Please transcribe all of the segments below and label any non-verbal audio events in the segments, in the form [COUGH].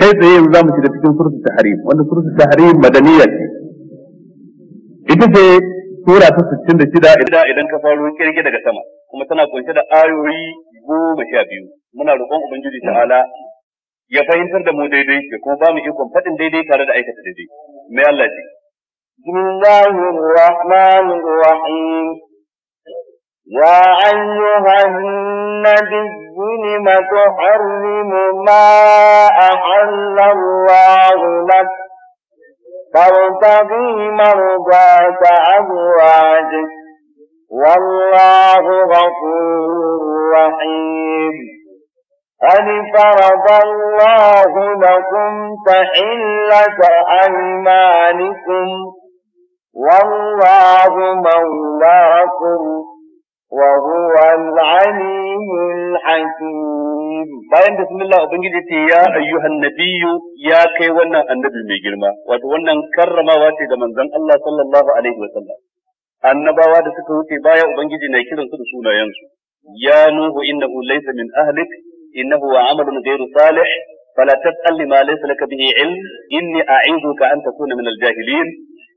kai tsaye yanzu za mu shiga cikin suratul tahrim wanda suratul tahrim madaniya ce ita ce sura ta 66 idan ka faro kirge daga sama kuma tana kunshe da ayoyi goma sha biyu muna roƙon ubangiji ta'ala ya fahimtar da mu daidai ya kuma ba mu ikon faɗin daidai tare da aikata daidai mai Allah ce يا أيها النبي لم تحرم ما أحل الله لك ترتضي مرضات أزواجك والله غفور رحيم قد فرض الله لكم تحلة أيمانكم والله مولاكم وهو العليم الحكيم bayan bismillah ubangiji ce ya ayyuhan nabiyyu ya kai wannan annabi mai girma wato wannan karramawa ce ga manzon Allah sallallahu alaihi wa sallam annabawa da suka wuce baya ubangiji na kiran su da sunayensu ya nuhu innahu laysa min ahlik innahu amalun ghayru salih fala tas'al ma laysa laka bihi ilm inni a'iduka an takuna min al-jahilin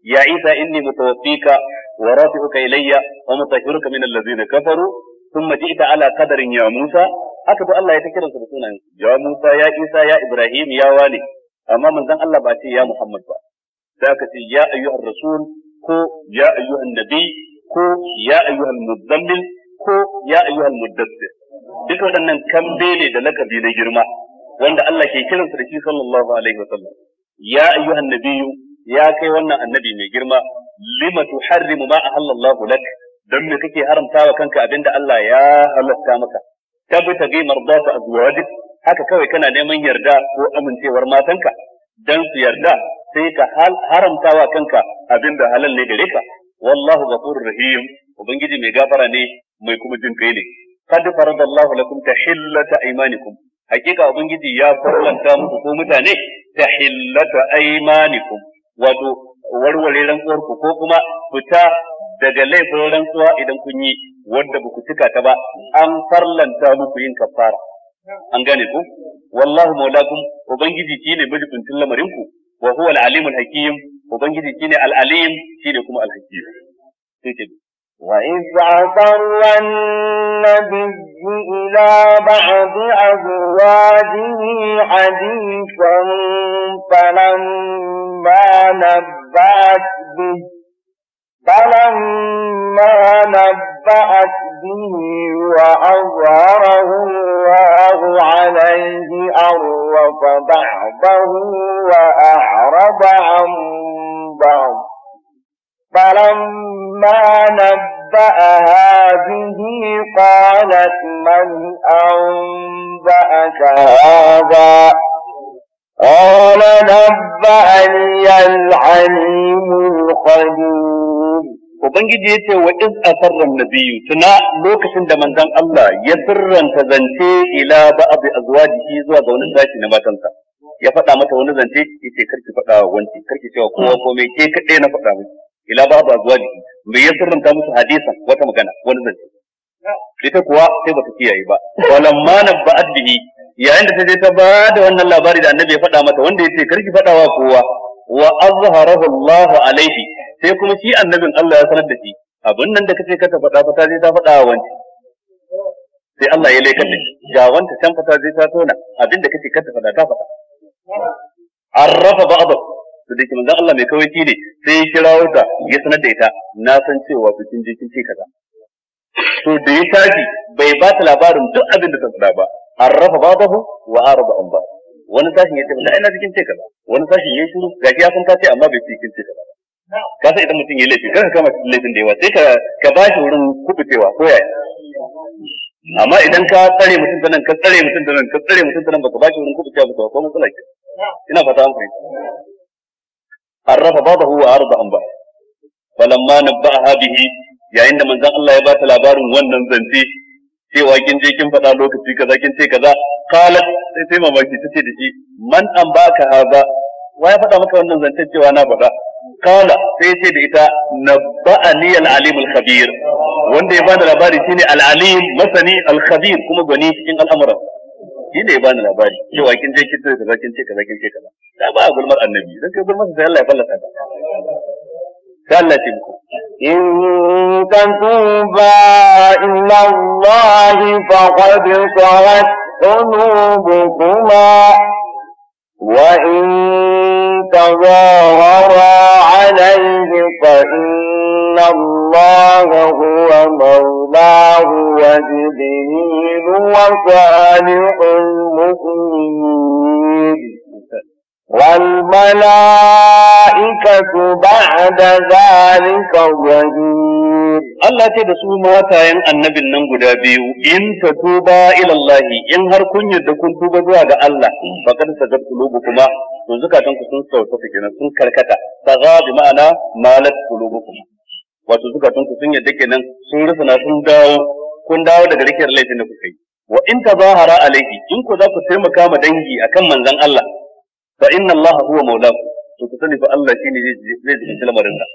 ya isa inni mutawaffika wa rafi'uka ilayya wa mutahhiruka min allazina kafaru thumma ji'ta ala qadarin ya musa haka to Allah ya ta kiransa da sunan ya musa ya isa ya ibrahim ya wani. amma manzon Allah ba ce ya muhammad ba da ka ce ya ayyuhar rasul ko ya ayyuhan nabi ko ya ayyuhan muzammil ko ya ayyuhan muddassir duk waɗannan kambe ne da lakabi na girma wanda Allah ke kiransa da shi sallallahu alaihi wasallam ya ayyuhan nabiyyu ya kai wannan annabi mai girma lima tuharrimu ma ahallallahu lak dan me kake haramtawa kanka abinda Allah ya halatta maka tabbata bi mardata azwajik haka kawai kana neman yarda ko amincewar matanka dan su yarda sai ka haramtawa kanka abinda halal ne gare ka wallahu ghafurur rahim ubangiji mai gafara ne mai kuma jin kai ne kad faradallahu lakum tahillata aymanikum hakika ubangiji ya farlanta muku ko mutane tahillata aymanikum wato warware rantsuwar ku ko kuma fita daga laifin rantsuwa idan kun yi wanda ba ku cika ta ba an farlanta muku yin kafara an gane ku wallahu maulakum ubangiji shine majibincin lamarin ku wa huwa al-alimul hakim ubangiji shine al-alim shine kuma al-hakim sai وإذ عبر النبي إلى بعض أزواجه حديثا فلما نبأت به فلما نبأت به وأظهره الله عليه أروف بعضه وأعرض عن بعض فلما نبأها به قالت من أنبأك هذا قال نبأني العليم الخبير Ubangiji ya ce wa iz asarran nabiyyu tuna lokacin da manzon Allah ya sirranta zance ila ba'd azwajihi zuwa ga wani sashi na matansa ya faɗa mata wani zance yace karki faɗa wa wanci karki cewa kowa komai ke kaɗai na faɗa miki ila babu jiki. me ya sirranta musu hadisa wata magana wani zance ita kuwa sai bata kiyaye ba walamma nabba'at bihi yayin da ta je ta ba da wannan labari da annabi ya faɗa mata wanda yace karki faɗa wa kowa wa azharahu allahu alaihi sai kuma shi annabin Allah ya sanar da shi abin nan da kace ka ta faɗa fa ta je ta faɗa wa wanci sai Allah ya lekar da ga wanta can fa ta je ta tona abin da kace ka ta faɗa ta faɗa arrafa ba'dahu da dake manzon Allah mai kawai ne sai ya kira ta ya sanar da ita na san cewa bikin jikin ce kaza to da ya tashi bai ba ta labarin duk abin da ta faɗa ba arrafa babahu wa araba an ba wani sashin ya ce na ina cikin ce kaza wani sashin ya shiru ga ya san ka ce amma bai cikin ce kaza ka san idan mutum ya laifi kar ka kama laifin da yawa sai ka ka ba shi wurin kubutewa ko yaya amma idan ka tsare mutum ta nan ka tsare mutum ta nan ka tsare mutum ta nan baka ba shi wurin kubutewa ba ko matsala ke ina fata an fahimta arrafa ba'dahu wa arda an ba'd falamma nabba'aha bihi yayin da manzon Allah ya bata labarin wannan zance cewa kin je kin faɗa lokaci kaza kin ce kaza qalat sai sai mamaki tace da shi man an baka haza wa ya faɗa maka wannan zancen cewa na faɗa kala sai ce da ita nabba'ani al-alim al-khabir wanda ya bada labari shi ne alim masani Alkabir, kuma gwani cikin al'amuran shi ne ya bani labari cewa kin je kin ce kaza kin ce kaza kin ce kaza da ba a gulmar annabi dan kai gulmar sai Allah ya fallasa ka sai Allah ya ku in tantuba illa Allah faqad sawat qulubukuma wa in تظاهرا عليه فإن الله هو مولاه وجبريل وصالح المؤمنين والملائكة بعد ذلك ظهير Allah ce da su matayen annabin nan guda biyu in ta tuba ilallahi in har kun yadda kun tuba zuwa ga Allah ba kada ta zartu lobu kuma to zukatan ku sun sauta su kenan sun karkata ta za bi ma'ana malat kulubu kuma wato zukatan ku sun yadda kenan sun na sun dawo kun dawo daga rikiyar laifin da kuka yi wa in ta zahara alaihi in ku za ku taimaka ma dangi akan manzon Allah fa inna Allah huwa maulaku to ku sani fa Allah shine zai zai lamarin ka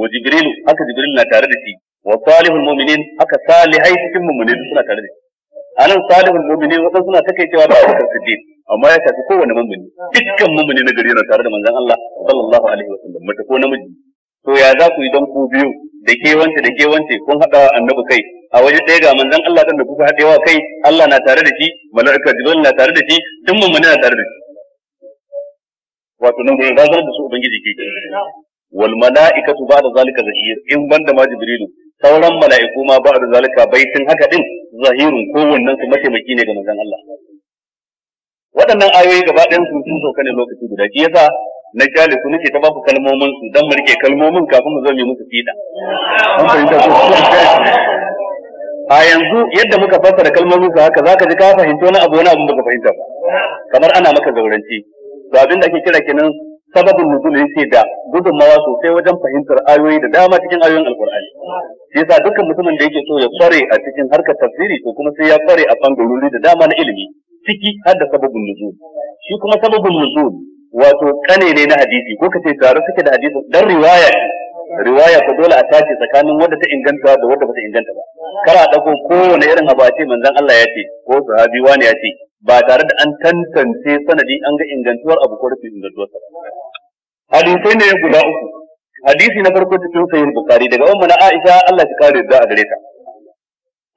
wa jibrilu haka jibril na tare da shi wa salihul mu'minin haka salihai cikin mu'minin suna tare da shi anan salihul mu'minin wasan suna take takeicewa da Abubakar Siddiq amma ya shafi kowane mu'mini dukkan mu'mini na gari yana tare da manzon Allah sallallahu alaihi wasallam mata ko namiji to ya za ku yi dan ku biyu da ke wance da ke wance kun haɗa annabi kai a waje ɗaya ga manzon Allah dan da kuka haɗewa kai Allah na tare da shi mala'ika Jibril na tare da shi dukkan mu'mini na tare da shi wato nan gurin razanar da su ubangiji ke wal mala'ikatu ba'da zalika zahir in banda ma jibrilu sauran mala'iku ma ba'da zalika baitin haka din zahirun kowannen su mataimaki ne ga manzon Allah waɗannan ayoyi gaba ɗayan su sun sauka ne lokaci guda shi yasa na kyale ku nake ta ba ku kalmomin su dan mu rike kalmomin kafin mu zo mu musu fida a yanzu yadda muka fassara kalmomin su haka zaka ji ka fahimta wani abu wani abu baka fahimta ba kamar ana maka gauranci to abin da ake kira kenan sababin nuzul yake da gudunmawa sosai wajen fahimtar ayoyi da dama cikin ayoyin alkur'ani shi yasa dukkan mutumin da yake so ya kware a cikin harkar tafsiri to kuma sai ya kware a bangarori da dama na ilimi ciki har da sababin nuzul shi kuma sababin nuzul wato kane ne na hadisi ko kace tare suke da hadisi dan riwaya riwaya ko dole a tace tsakanin wanda ta inganta da wadda ba ta inganta ba kar a dago kowane irin abace manzon Allah ya ce ko sahabi wani ya ce ba tare da an tantance sanadi an ga ingantuwar abu ko rufin ingantuwar sa hadisai ne guda uku hadisi na farko cikin sahih bukhari daga ummu na aisha Allah ya kare da a gare ta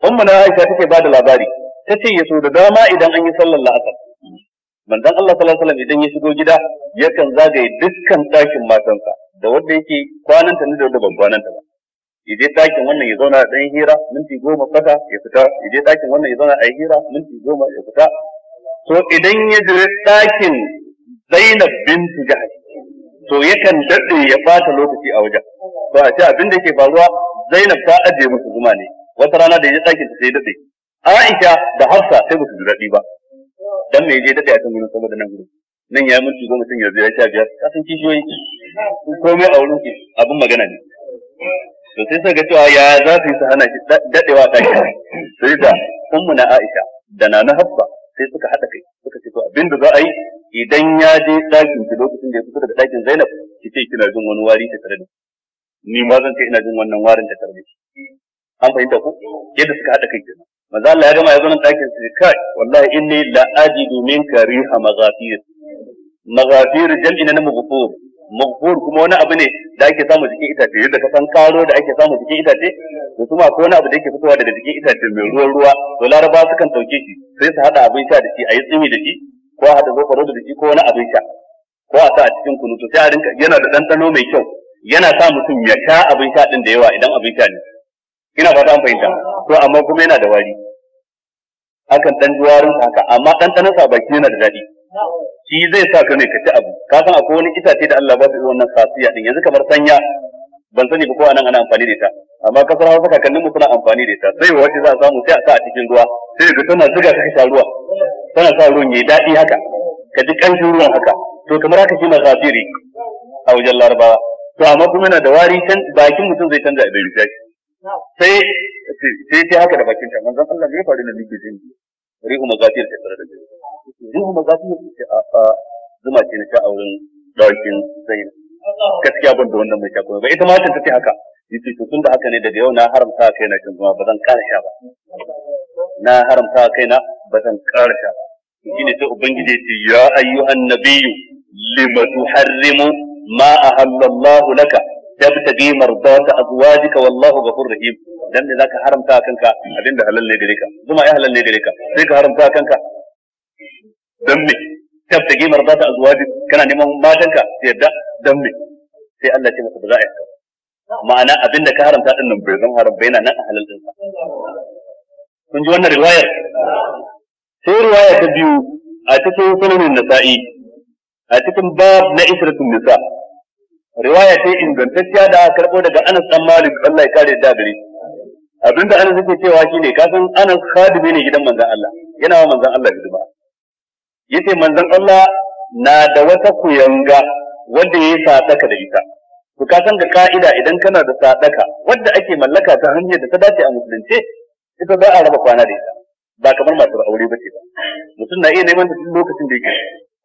ummu na aisha take ba da labari tace yaso da dama idan an yi sallar la'asar manzon Allah sallallahu alaihi wasallam idan ya shigo gida yakan zagaye dukkan ɗakin matansa da wanda yake kwananta ne da wanda ban ta ba yaje ɗakin wannan ya zauna a ɗan hira minti goma fata ya fita Ije ɗakin wannan ya zauna a hira minti goma ya fita to idan ya jira ɗakin Zainab bintu Jahsh to yakan daɗe ya fata lokaci a wajen to a ce abin da yake faruwa Zainab ta aje musu zuma ne wata rana da ya ɗakin ta sai daɗe Aisha da Hafsa sai ba su ji daɗi ba dan me je daɗe a kan gurin saboda nan gurin nan ya mutu goma sun yanzu ya sha biyar kasan kishiyoyi komai a wurin abin magana ne to sai suka ga cewa ya za su yi su hana shi daɗewa ɗakin sai da ummu na Aisha da na na Hafsa sai suka haɗa kai suka ce to abinda za a yi idan ya je ɗakin ki lokacin da ya fito daga ɗakin Zainab ki ce kina jin wani wari ta tare da ni ma zan ce ina jin wannan warin da tare da an fahimta ku yadda suka haɗa kai kenan maza Allah ya gama ya zo nan ɗakin su kai wallahi inni la ajidu minka riha maghafir maghafir jam'i na maghfur maghfur kuma wani abu ne da ake samu jikin itace yadda ka san karo da ake samu jikin itace da kuma akwai wani abu da yake fitowa daga jikin itace mai ruwan ruwa to laraba sukan dauke shi sai su hada abin sha da shi a yi tsimi da shi ko a hada zofaro da shi ko wani abin sha ko a sa a cikin kunu to sai a rinka yana da ɗanɗano mai kyau yana sa mutum ya sha abin sha din da yawa idan abin sha ne ina fata an fahimta to amma kuma yana da wari akan dan juwarin haka amma ɗanɗanon sa baki yana da daɗi shi zai sa ka ne ka ci abu ka san akwai wani itace da Allah ba su wannan safiya din yanzu kamar sanya ban sani ba ko anan ana amfani da ita amma kasar Hausa kakannin mu suna amfani da ita sai wace za a samu sai a sa a cikin ruwa sai ka tana zuga ka sha ruwa tana sa ruwan yayi daɗi haka ka ji kan ruwan haka to kamar haka shi ma safiri a wajen larabawa to amma kuma yana da wari can bakin mutum zai canza abin rufe sai sai sai haka da bakin ta manzon Allah bai faru da nake jin ri'u mazafir ta tsara da jini ruhu magaji ce a zuma ce na sha a wurin dawakin zainab gaskiya ban da wannan mai sha kuma ba ita ma ta tafi haka yace to tunda haka ne daga yau na haramta kai na cin zuma ba zan ƙara sha ba na haramta kai na ba zan ƙara sha ba shine sai ubangiji ce ya ayyuhan nabiyyu lima tuharrimu ma ahallallahu laka tabtagi mardata azwajika wallahu ghafur rahim dan ne zaka haramta kanka abinda halal ne gare ka zuma ya halal ne gare ka sai ka haramta kanka dan me tabtagi mardata azwaji kana neman matanka yadda dan me sai Allah ce maka ba za a yi ma'ana abin da ka haramta din nan bai zan haram bai yana nan a halal din kun ji wannan riwayar sai riwaya ta biyu a cikin sunanin nasa'i a cikin bab na isra'il nisa riwaya ta ingantacciya da aka karɓo daga Anas dan Malik Allah ya kare da gare abinda Anas yake cewa shine ka san Anas khadimi ne gidan manzon Allah yana wa manzon Allah hidima yace manzon Allah na da wata kuyanga wanda yayi sadaka da ita to ka san ka'ida idan kana da sadaka wanda ake mallaka ta hanyar da ta dace a musulunce ita za a raba kwana da ita ba kamar masu aure ba ce ba mutum na iya neman ta duk lokacin da yake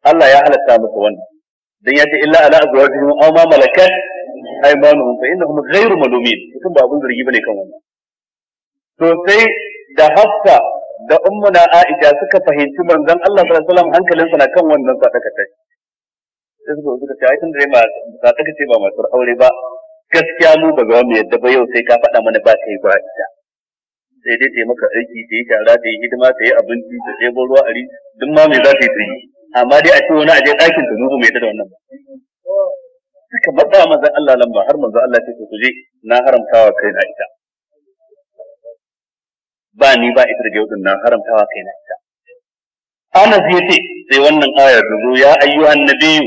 Allah ya halatta masa wannan dan yace illa ala azwajihim aw ma malakat aymanuhum fa innahum ghayru malumin mutum ba abun zargi bane kan wannan to sai da hafsa da ummuna Aisha suka fahimci manzon Allah sallallahu alaihi wasallam hankalinsa na kan wannan sadaka ta sai suka suka ce ai tun dai ba sadaka ce ba masu aure ba gaskiya mu ba za mu yadda ba yau sai ka faɗa mana ba kai ba ita sai dai ta maka aiki ta yi shara ta yi hidima ta yi abinci ta ɗebo ruwa a ri duk ma me za ta yi ta yi amma dai a ce wani a je ɗakin ta zuwa mai ta da wannan ba suka matsa manzon Allah lamba har manzon Allah ce ku je na haramtawa kai na a'isha. ba ni ba ita da jaudin nan haramtawa kai na ita Anas ya ce sai wannan aya ta zo ya ayyuhan nabiyyu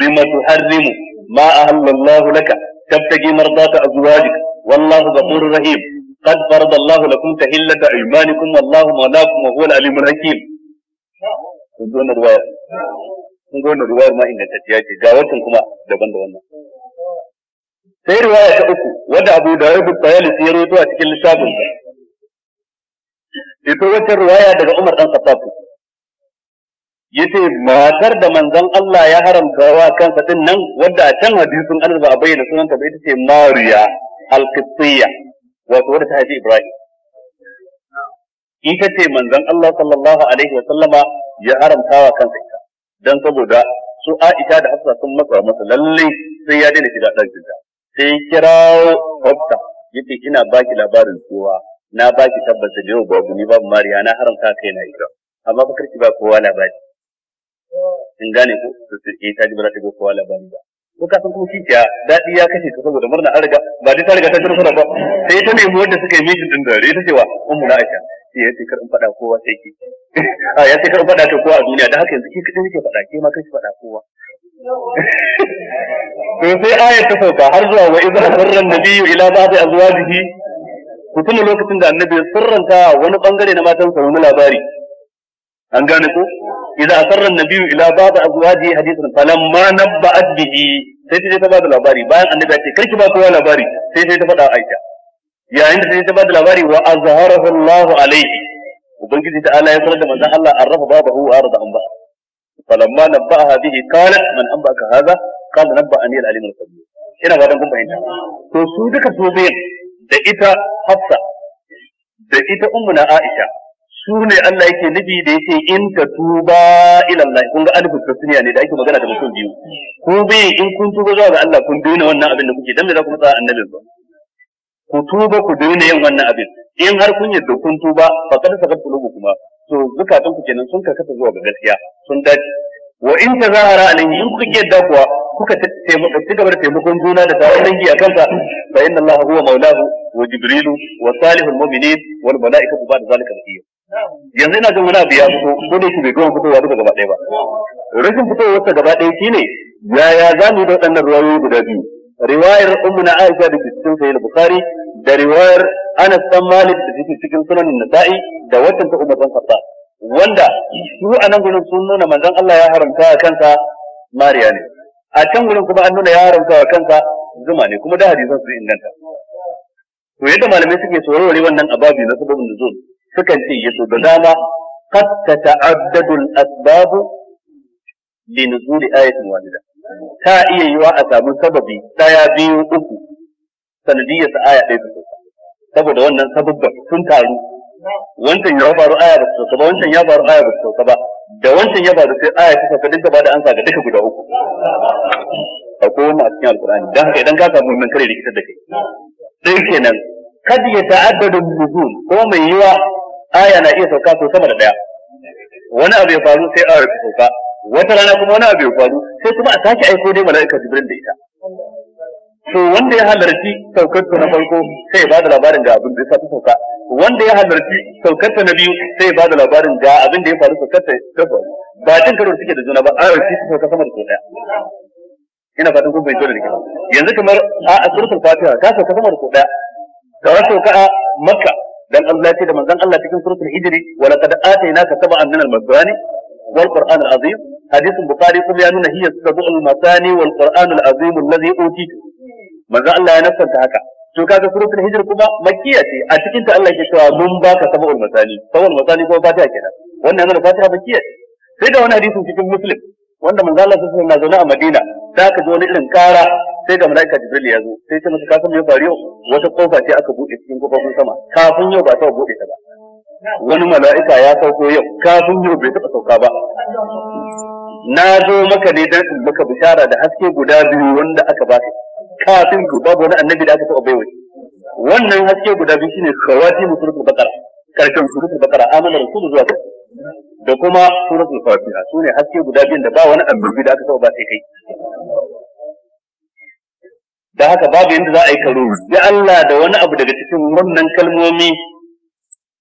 lima tuharrimu ma ahallallahu laka tabtagi mardata azwajik wallahu ghafurur rahim قد فرض الله لكم تحلة أيمانكم والله مولاكم وهو العليم الحكيم. دون رواية. دون رواية ما إن تتياجي جاوتكم كما دبن دبن. sai riwaya ta uku wadda Abu Dawud Bayalisi ya rawaito a cikin littafin ita wata ruwaya daga Umar dan Khattab yace matar da manzon Allah ya haramta wa kansa din nan wadda a can hadisin Allah ba a bayyana sunanta ba ita ce Mariya al-Qibtiyya wato wadda ta haifi Ibrahim ita ce manzon Allah sallallahu alaihi wa sallama ya haramta wa kansa ita dan saboda su Aisha da Hafsa sun matsa masa lalle sai ya daina shiga ɗakin sai kirawo Hafsa yace ina baki labarin kowa na ba ki tabbata da yau babu ni babu mariya na haramta kai na ita amma ba karki ba kowa labari in gane ko to sai eh, ta ji ba za ta ga kowa labari ba ko ka san kuma kikiya daɗi ya kashe ta saboda murna an riga ba dai ta riga ta turfara ba sai ta nemi wanda suka yi mitin din rai ta cewa ummu na aisha sai ya ce kar in faɗa kowa sai ki [LAUGHS] a ya ce kar in faɗa ta kowa a duniya dan haka yanzu ki kaɗai kike faɗa ke ma kashi faɗa kowa [LAUGHS] to sai ayat ta sauka har zuwa wa idza sarra an-nabiyyu ila ba'di azwajihi ku tuna lokacin da annabi ya sirranta wani bangare na matansa wani labari an gane ko idza asarra nabiyyu ila ba'd azwaji hadithan falamma nabba'at bihi sai ta ta bada labari bayan annabi ya ce karki ba kowa labari sai sai ta faɗa Aisha yayin da sai ta bada labari wa azharahu Allahu alaihi ubangiji ta Allah ya sanar da manzon Allah arrafa babahu wa arda an ba falamma nabba'aha bihi qalat man anba'aka hadha qala nabba'ani al-alim al-khabir ina ba dan kun fahimta to su duka su bayan da ita Hafsa da ita ummuna Aisha su ne Allah yake nubi da yake in ta tuba ila Allah kun ga alif tasniya ne da ake magana da mutum biyu ko bai in kun tuba zuwa ga Allah kun daina wannan abin da kuke dan me za ku tsaya annabi ba ku tuba ku daina yin wannan abin in har kun da kun tuba fa kada saka kulubu kuma to zukatan ku kenan sun karkata zuwa ga gaskiya sun dace wa in zahara alayhi in kuke yadda kuwa kuka ci gaba da taimakon juna da taron dangi a kanka fa inna Allah huwa maulahu wa jibrilu wa salihul mu'minin wal malaikatu ba'da zalika dhikr yanzu ina jin wani abu ya fito ko da yake bai gama fitowa duka gaba ɗaya ba rashin fitowar ta gaba ɗaya shine yaya za mu yi da waɗannan ruwayoyi guda biyu riwayar ummu na Aisha da ke cikin sahih bukhari da riwayar Anas dan Malik da ke cikin sunan Nasa'i da watan ta Umar dan Khattab wanda su a nan gurin sun nuna manzon Allah ya haramta kansa mariya ne a can wurin kuma an nuna yaron haramta kansa zuma ne kuma da hadisan su inganta to yadda malamai suke tsorore wannan ababi na sababin zuwa sukan ce yaso da dama qad tata'addadu al-asbab li nuzul ayatin wahida ta iya yiwa a samu sababi daya biyu uku sanadiyyar sa aya ɗaya saboda wannan sababbin sun taru wancan ya faru aya ba su ba wancan ya faru aya ba su ba da wancan ya faru sai aya ta sauka duka ba da ansa ga duka guda uku akwai wannan a cikin alkur'ani dan haka idan ka samu min kare rikitar da kai sai kenan kad ya ta'addadu nuzul ko mai yiwa aya na iya sauka so sama da daya wani abu ya faru sai aya ta sauka wata rana kuma wani abu ya faru sai kuma a sake aiko dai mala'ika jibril da ita to wanda ya halarci saukarta na farko sai ya bada labarin ga abin da ya ta sauka wanda ya halarci saukarta na biyu sai ya bada labarin ga abin da ya faru saukarta ta faru ba cin karo suke da juna ba a rarci su sauka sama da sau daya ina fatan kun fahimta da ni yanzu kamar a suratul fatiha ta sauka sama da sau daya ta sauka a makka dan Allah ce da manzon Allah cikin suratul hijri wa laqad atainaka sab'an min al-masani wal qur'an al-azim hadisin bukhari kuma ya nuna hiya sab'ul masani wal qur'an al-azim alladhi utitu manzo Allah ya nassanta haka to kaga suratul hijr kuma makkiya ce a cikin ta Allah ke cewa mun baka sabul masani sabul masani ko fatiha kenan wannan yana fatiha makkiya ce sai da wani hadisin cikin muslim wanda manzo Allah sallallahu alaihi wasallam na zaune a Madina da aka zo wani irin kara sai ga malaika Jibril ya zo sai ta masa ka san me faru yau wata kofa ce aka bude cikin kofofin sama kafin yau ba ta bude ta ba wani mala'ika ya sauko yau kafin yau bai taba sauka ba na zo maka ne dan maka bishara da haske guda biyu wanda aka baka kafin ku babu wani annabi da aka taɓa baiwa wannan haske guda biyu shine khawati musulul bakara karshen suratul bakara amana rasul zuwa ta da kuma suratul fatiha sune haske guda biyu da ba wani annabi da aka taɓa ba sai kai da haka babu yadda za a yi karo ya Allah da wani abu daga cikin wannan kalmomi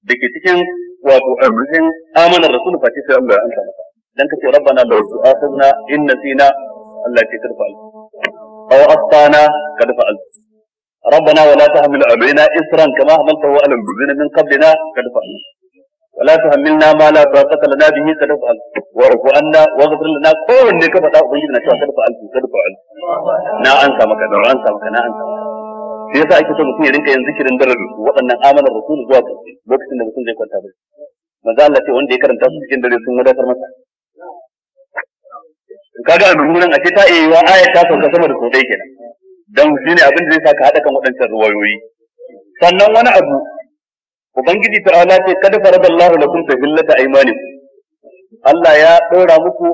da ke cikin wato amrin amana rasul fatiha sai Allah ya amsa maka dan kace rabbana la tu'akhidna in nasina Allah ya karfa أو أخطأنا قد فعلت ربنا ولا تحمل علينا إصرا كما حملته على الذين من قبلنا قد فعلت ولا تحملنا ما لا طاقة لنا به قد فعلت واعف عنا واغفر لنا كون لك فتاة أبينا قد فعلت قد فعلت نا أنسى مكان نا أنسى مكان نا أنسى مكان sai yasa ake so mutum ya rinka yin zikirin dare su waɗannan amanar rasul zuwa ƙarshe lokacin da mutum zai kwanta bai manzo Allah ce wanda ya karanta su cikin dare sun wadatar masa kaga a nan a ce ta iya wa ayat ta sauka sama da kodai ke kenan dan shi ne abin da zai saka haɗa kan waɗancan ruwayoyi sannan wani abu ubangiji ta'ala ce kada faradallahu lakum tahillata aymanikum Allah ya ɗora muku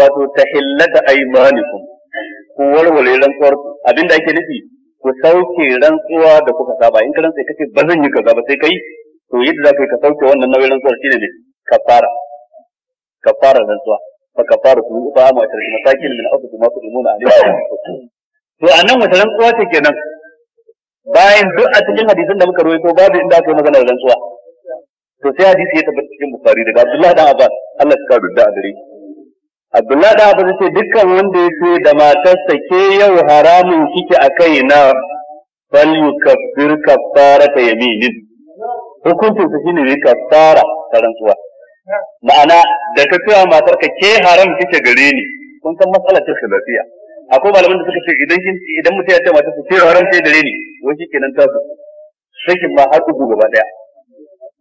wato tahillata aymanikum ku walwale rantsuwar abin da ake nufi ku sauke rantsuwa da kuka saba in ka sai kace ba zan yi kaza ba sai kai to yadda za ka ka sauke wannan nauyin rantsuwar shine ne kafara kafarar rantsuwa فكفاركم إطعام عشرة مساكين من ما تؤمنون to a nan wata bayan cikin hadisan da muka rawaito babu inda aka yi magana da ya cikin bukari daga abdullahi Allah da abdullahi abbas ce dukkan wanda ya ce da matarsa ke yau haramun kike a na hukuncin ne ta rantsuwa ma'ana da ka cewa matar ka ke haram kike gare ni kun san matsalar ta khilafiya akwai malaman da suka ce idan kin idan mutum ya ce matar ka ke haram kike gare ni wai shikenan ta su sakin ma har uku gaba daya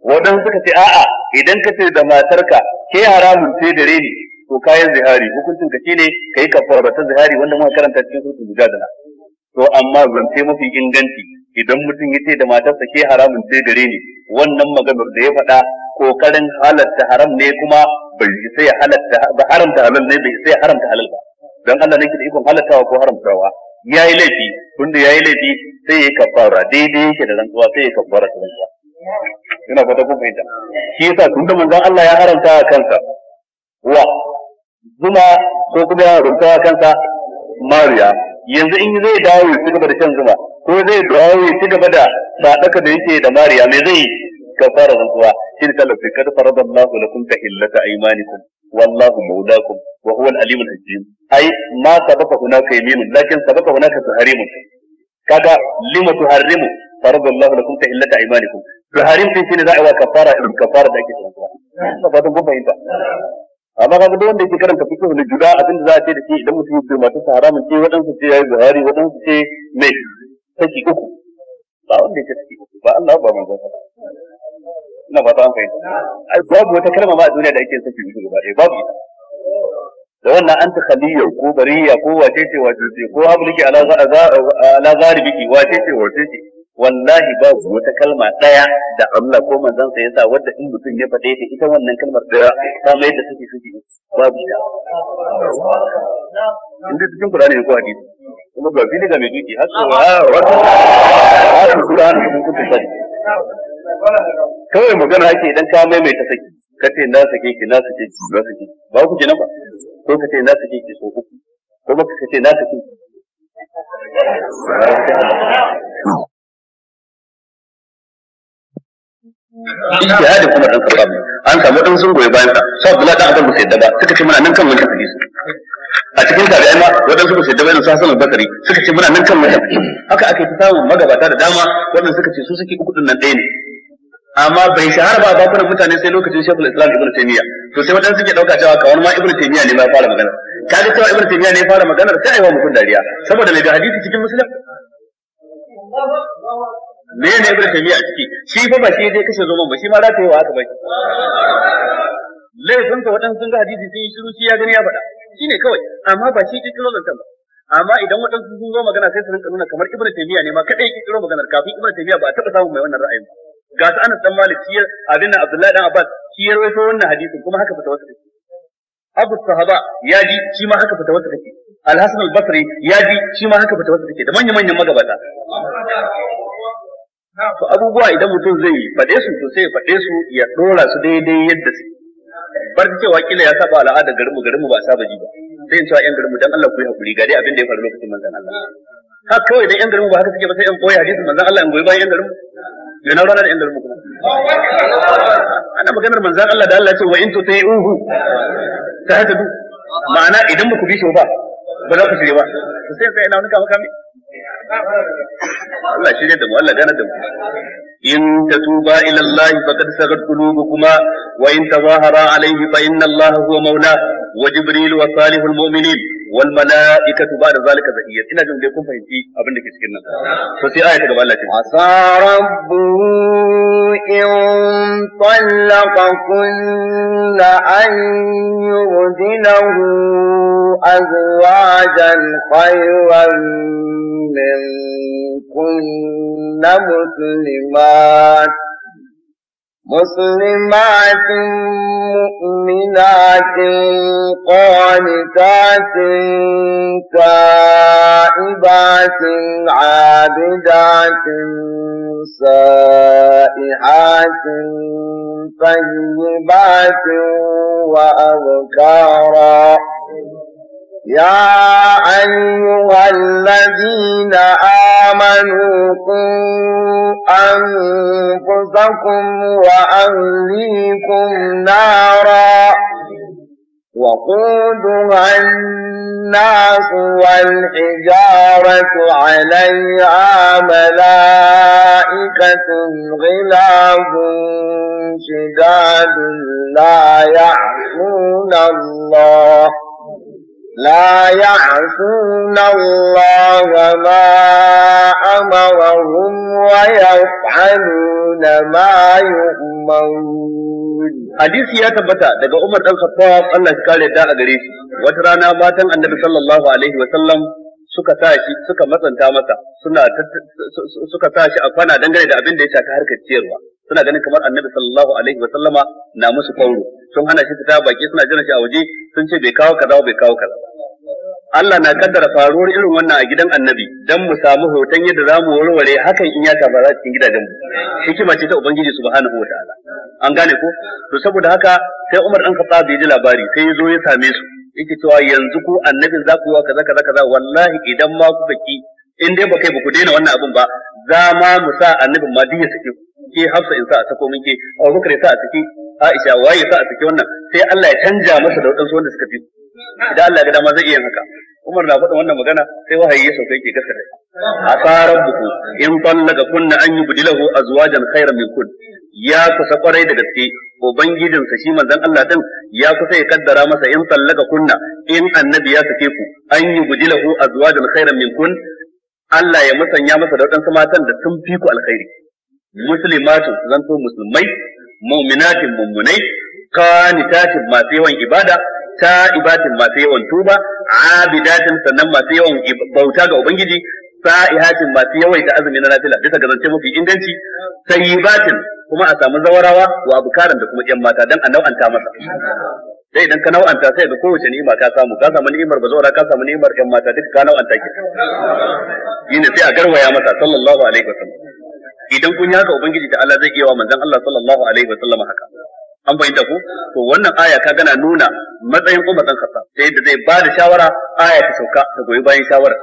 wadan suka ce a'a idan ka ce da matarka ke haramun sai gare ni to kayan zihari hukuncin ka shine kai kafara ta zihari wanda muka karanta cikin suratul mujadala to amma zance mafi inganci idan mutum ya ce da matarsa ke haramun sai gare ni wannan maganar da ya faɗa kokarin halatta haram ne kuma bai sai halatta ba haramta halal ne bai sai haramta halal ba dan Allah ne ke da ikon halattawa ko haramtawa yayi laifi tunda yayi laifi sai ya kafara daidai yake da rantsuwa sai ya kafara da rantsuwa ina fata ku fahimta shi yasa tunda manzon Allah ya haramta kansa wa zuma ko kuma ya haramta kansa mariya yanzu in zai dawo ya ci da shan zuma ko zai du'a ya ci gaba da sadaka da yake da mariya me zai kafara rantsuwa shine ta lafi kad faradallahu lakum tahillata aymanikum wallahu mawlakum wa huwa al-alim al-hakim ai ma sabaka hunaka yaminun lakin sabaka hunaka tahrimun kaga lima tuharrimu faradallahu lakum tahillata aymanikum taharim din shine za a yi wa kafara irin kafara da ake rantsuwa ina fatan kun fahimta amma kaga duk wanda yake karanta fiqh ne juda Abinda za a ce da shi idan mutum ya ce mata haramun ce waɗansu ce yayi buhari wadansu ce mai saki uku ba wanda ya saki uku ba Allah ba manzon sa ina ba ta amfani ai babu wata kalma ba a duniya da ake saki uku gaba ɗaya babu ita da wannan an ta khaliya ko bariya ko wace ce wace ce ko habliki ala ala zaribiki wace ce wace ce wallahi babu wata kalma daya da Allah ko manzon sa yasa wadda in mutum ya faɗe ta ita wannan kalmar da ta mai da take suke babu ita inda cikin Qur'ani ne ko hadisi kuma ga fili ga mai duki har wa ha wannan Qur'ani mun kuka sani kawai magana ake idan ka maimaita saki ka ce na sake ki na sake ki na sake ba ku kenan ba ko ka ce na sake ki so ku ko ka ce na sake ki ijtihadi kuma dan ne, an samu dan sun goyi bayan sa sai Abdullahi dan Abbas yadda ba suka ce muna nan kan wannan su, a cikin tabi'ai ma wadansu su yadda bayan Hassan al-Basri suka ce muna nan kan wannan hadisi haka ake ta samu magabata da dama wannan suka ce su suke uku din nan ɗaya ne amma bai shahara ba ba kuma mutane sai lokacin Sheikhul Islam Ibn Taymiyyah to sai wadansu suke dauka cewa kawai ma Ibn Taymiyyah ne ba fara magana kaga cewa Ibn Taymiyyah ne ya fara magana sai ayi wa mutum dariya saboda mai ga hadisi cikin Muslim me ne ibn taymiya a ciki shi fa ba shi je kashe zoman ba shi ma yi wa haka ba shi laifin ka waɗansu sun ga hadisi sun yi shiru shi ya gani ya faɗa shi ne kawai amma ba shi kikiro zancen ba amma idan waɗansu sun zo magana sai su rinka nuna kamar ibn taymiya ne ma kadai kikiro maganar kafin ibn taymiya ba a taɓa samun mai wannan ra'ayin ba ga su anas dan malik shi abin abdullahi dan abbas shi ya rawaito wannan hadisin kuma haka fata wasu take abu sahaba ya ji shi ma haka fata wasu take alhassan hasan al-basri ya ji shi ma haka fata wasu take da manya manyan magabata to abubuwa idan mutum zai faɗe su to sai ya faɗe su ya ɗora su daidai yadda su bar cewa kila ya saba al'ada garinmu garinmu ba saba ji ba sai in cewa yan garinmu dan Allah ku yi hakuri ga dai abin da ya faru lokacin manzon Allah ha kawai dan yan garinmu ba haka suke ba sai yan koyi hadisin manzon Allah in goyi bayan yan garinmu na rana da yan garinmu kuma ana maganar manzon Allah da Allah ya ce wa in uhu ta du ma'ana idan ba ku bi shi ba ba za ku shirye ba sai sai ina wani kama kame Allah shirye da mu Allah gane da mu in tatuba ila Allah faqad sagat qulubukuma wa in tazahara alayhi fa inna Allah huwa mawla wa jibril wa salihul mu'minin wal malaikatu ba'da zalika zahiyya ina jin dai fahimci abin da ke cikin nan to sai aya ta gaba Allah ce asa rabbu in tallaqa kunna anyi yurdilahu azwajan khayran min kunna muslimat مسلمات مؤمنات قانتات تائبات عابدات سائحات طيبات وأبكارا يا أيها الذين آمنوا قوا أنفسكم وأهليكم نارا وقودها الناس والحجارة عليها ملائكة غلاظ شداد لا يعصون الله لا يعصون الله ما أمرهم ويفعلون ما يؤمرون حديث يا تبتا daga Umar الخطاب أن Allah ya kare وترانا باتا gare shi wata rana matan Annabi suka tashi suka matsanta masa suna suka tashi a kwana dangane da abin da ya shafi harkar ciyarwa suna ganin kamar Annabi sallallahu alaihi wa sallama na musu kauro sun hana shi fita baki suna jiran shi a waje sun ce bai kawo kaza bai kawo kaza Allah na kaddara faruwar irin wannan a gidan annabi dan mu samu hoton yadda za mu warware hakan in ya tabara cikin gidajen mu hikima ce ta ubangiji subhanahu wataala an gane ko to saboda haka sai Umar dan Khattab ya ji labari sai ya zo ya same su yake cewa yanzu ko annabin za ku wa kaza kaza kaza wallahi idan ma ku baki in dai ba kai ba ku daina wannan abin ba za ma mu sa annabin ma duk ya sake ke Hafsa in sa a sako min ke Abubakar ya sa a saki Aisha waye sa a saki wannan sai Allah ya canja masa da wadansu wanda suka fi idan Allah ga dama zai iya haka Umar na faɗin wannan magana sai wahayi ya sauke yake gaska A tsaron buku in tallaka kunna an yi yubdilahu azwajan khairan min kun ya kusa kwarai da gaske ubangijinsa shi manzon Allah din ya kusa ya kaddara masa in tallaka kunna in annabi ya sake ku an yi yubdilahu azwajan khairan min kun Allah ya musanya masa da wadansu matan da sun fi ku alkhairi zan zanto musulmai mu'minatin mummunai qanitatin masu yawan ibada ta'ibatin masu yawan tuba abidatin sannan masu yawan bauta ga ubangiji sa'ihatin masu yawaita azumi na nafila bisa ga zance mafi inganci sayyibatin kuma a samu zawarawa wa abukaran da kuma yan mata dan a nau'anta masa dai idan ka nau'anta sai ga kowace ni'ima ka samu ka samu ni'imar bazawara ka samu ni'imar yan mata duk ka nau'anta ki shine sai a garwaya masa sallallahu alaihi wasallam idan kun yi haka ubangiji ta Allah zai iya wa manzon Allah sallallahu alaihi wa sallam haka an bayyana ku to wannan aya ka gana nuna matsayin Umar dan Khattab sai da zai ba da shawara aya ta sauka ta goyi bayan shawarar.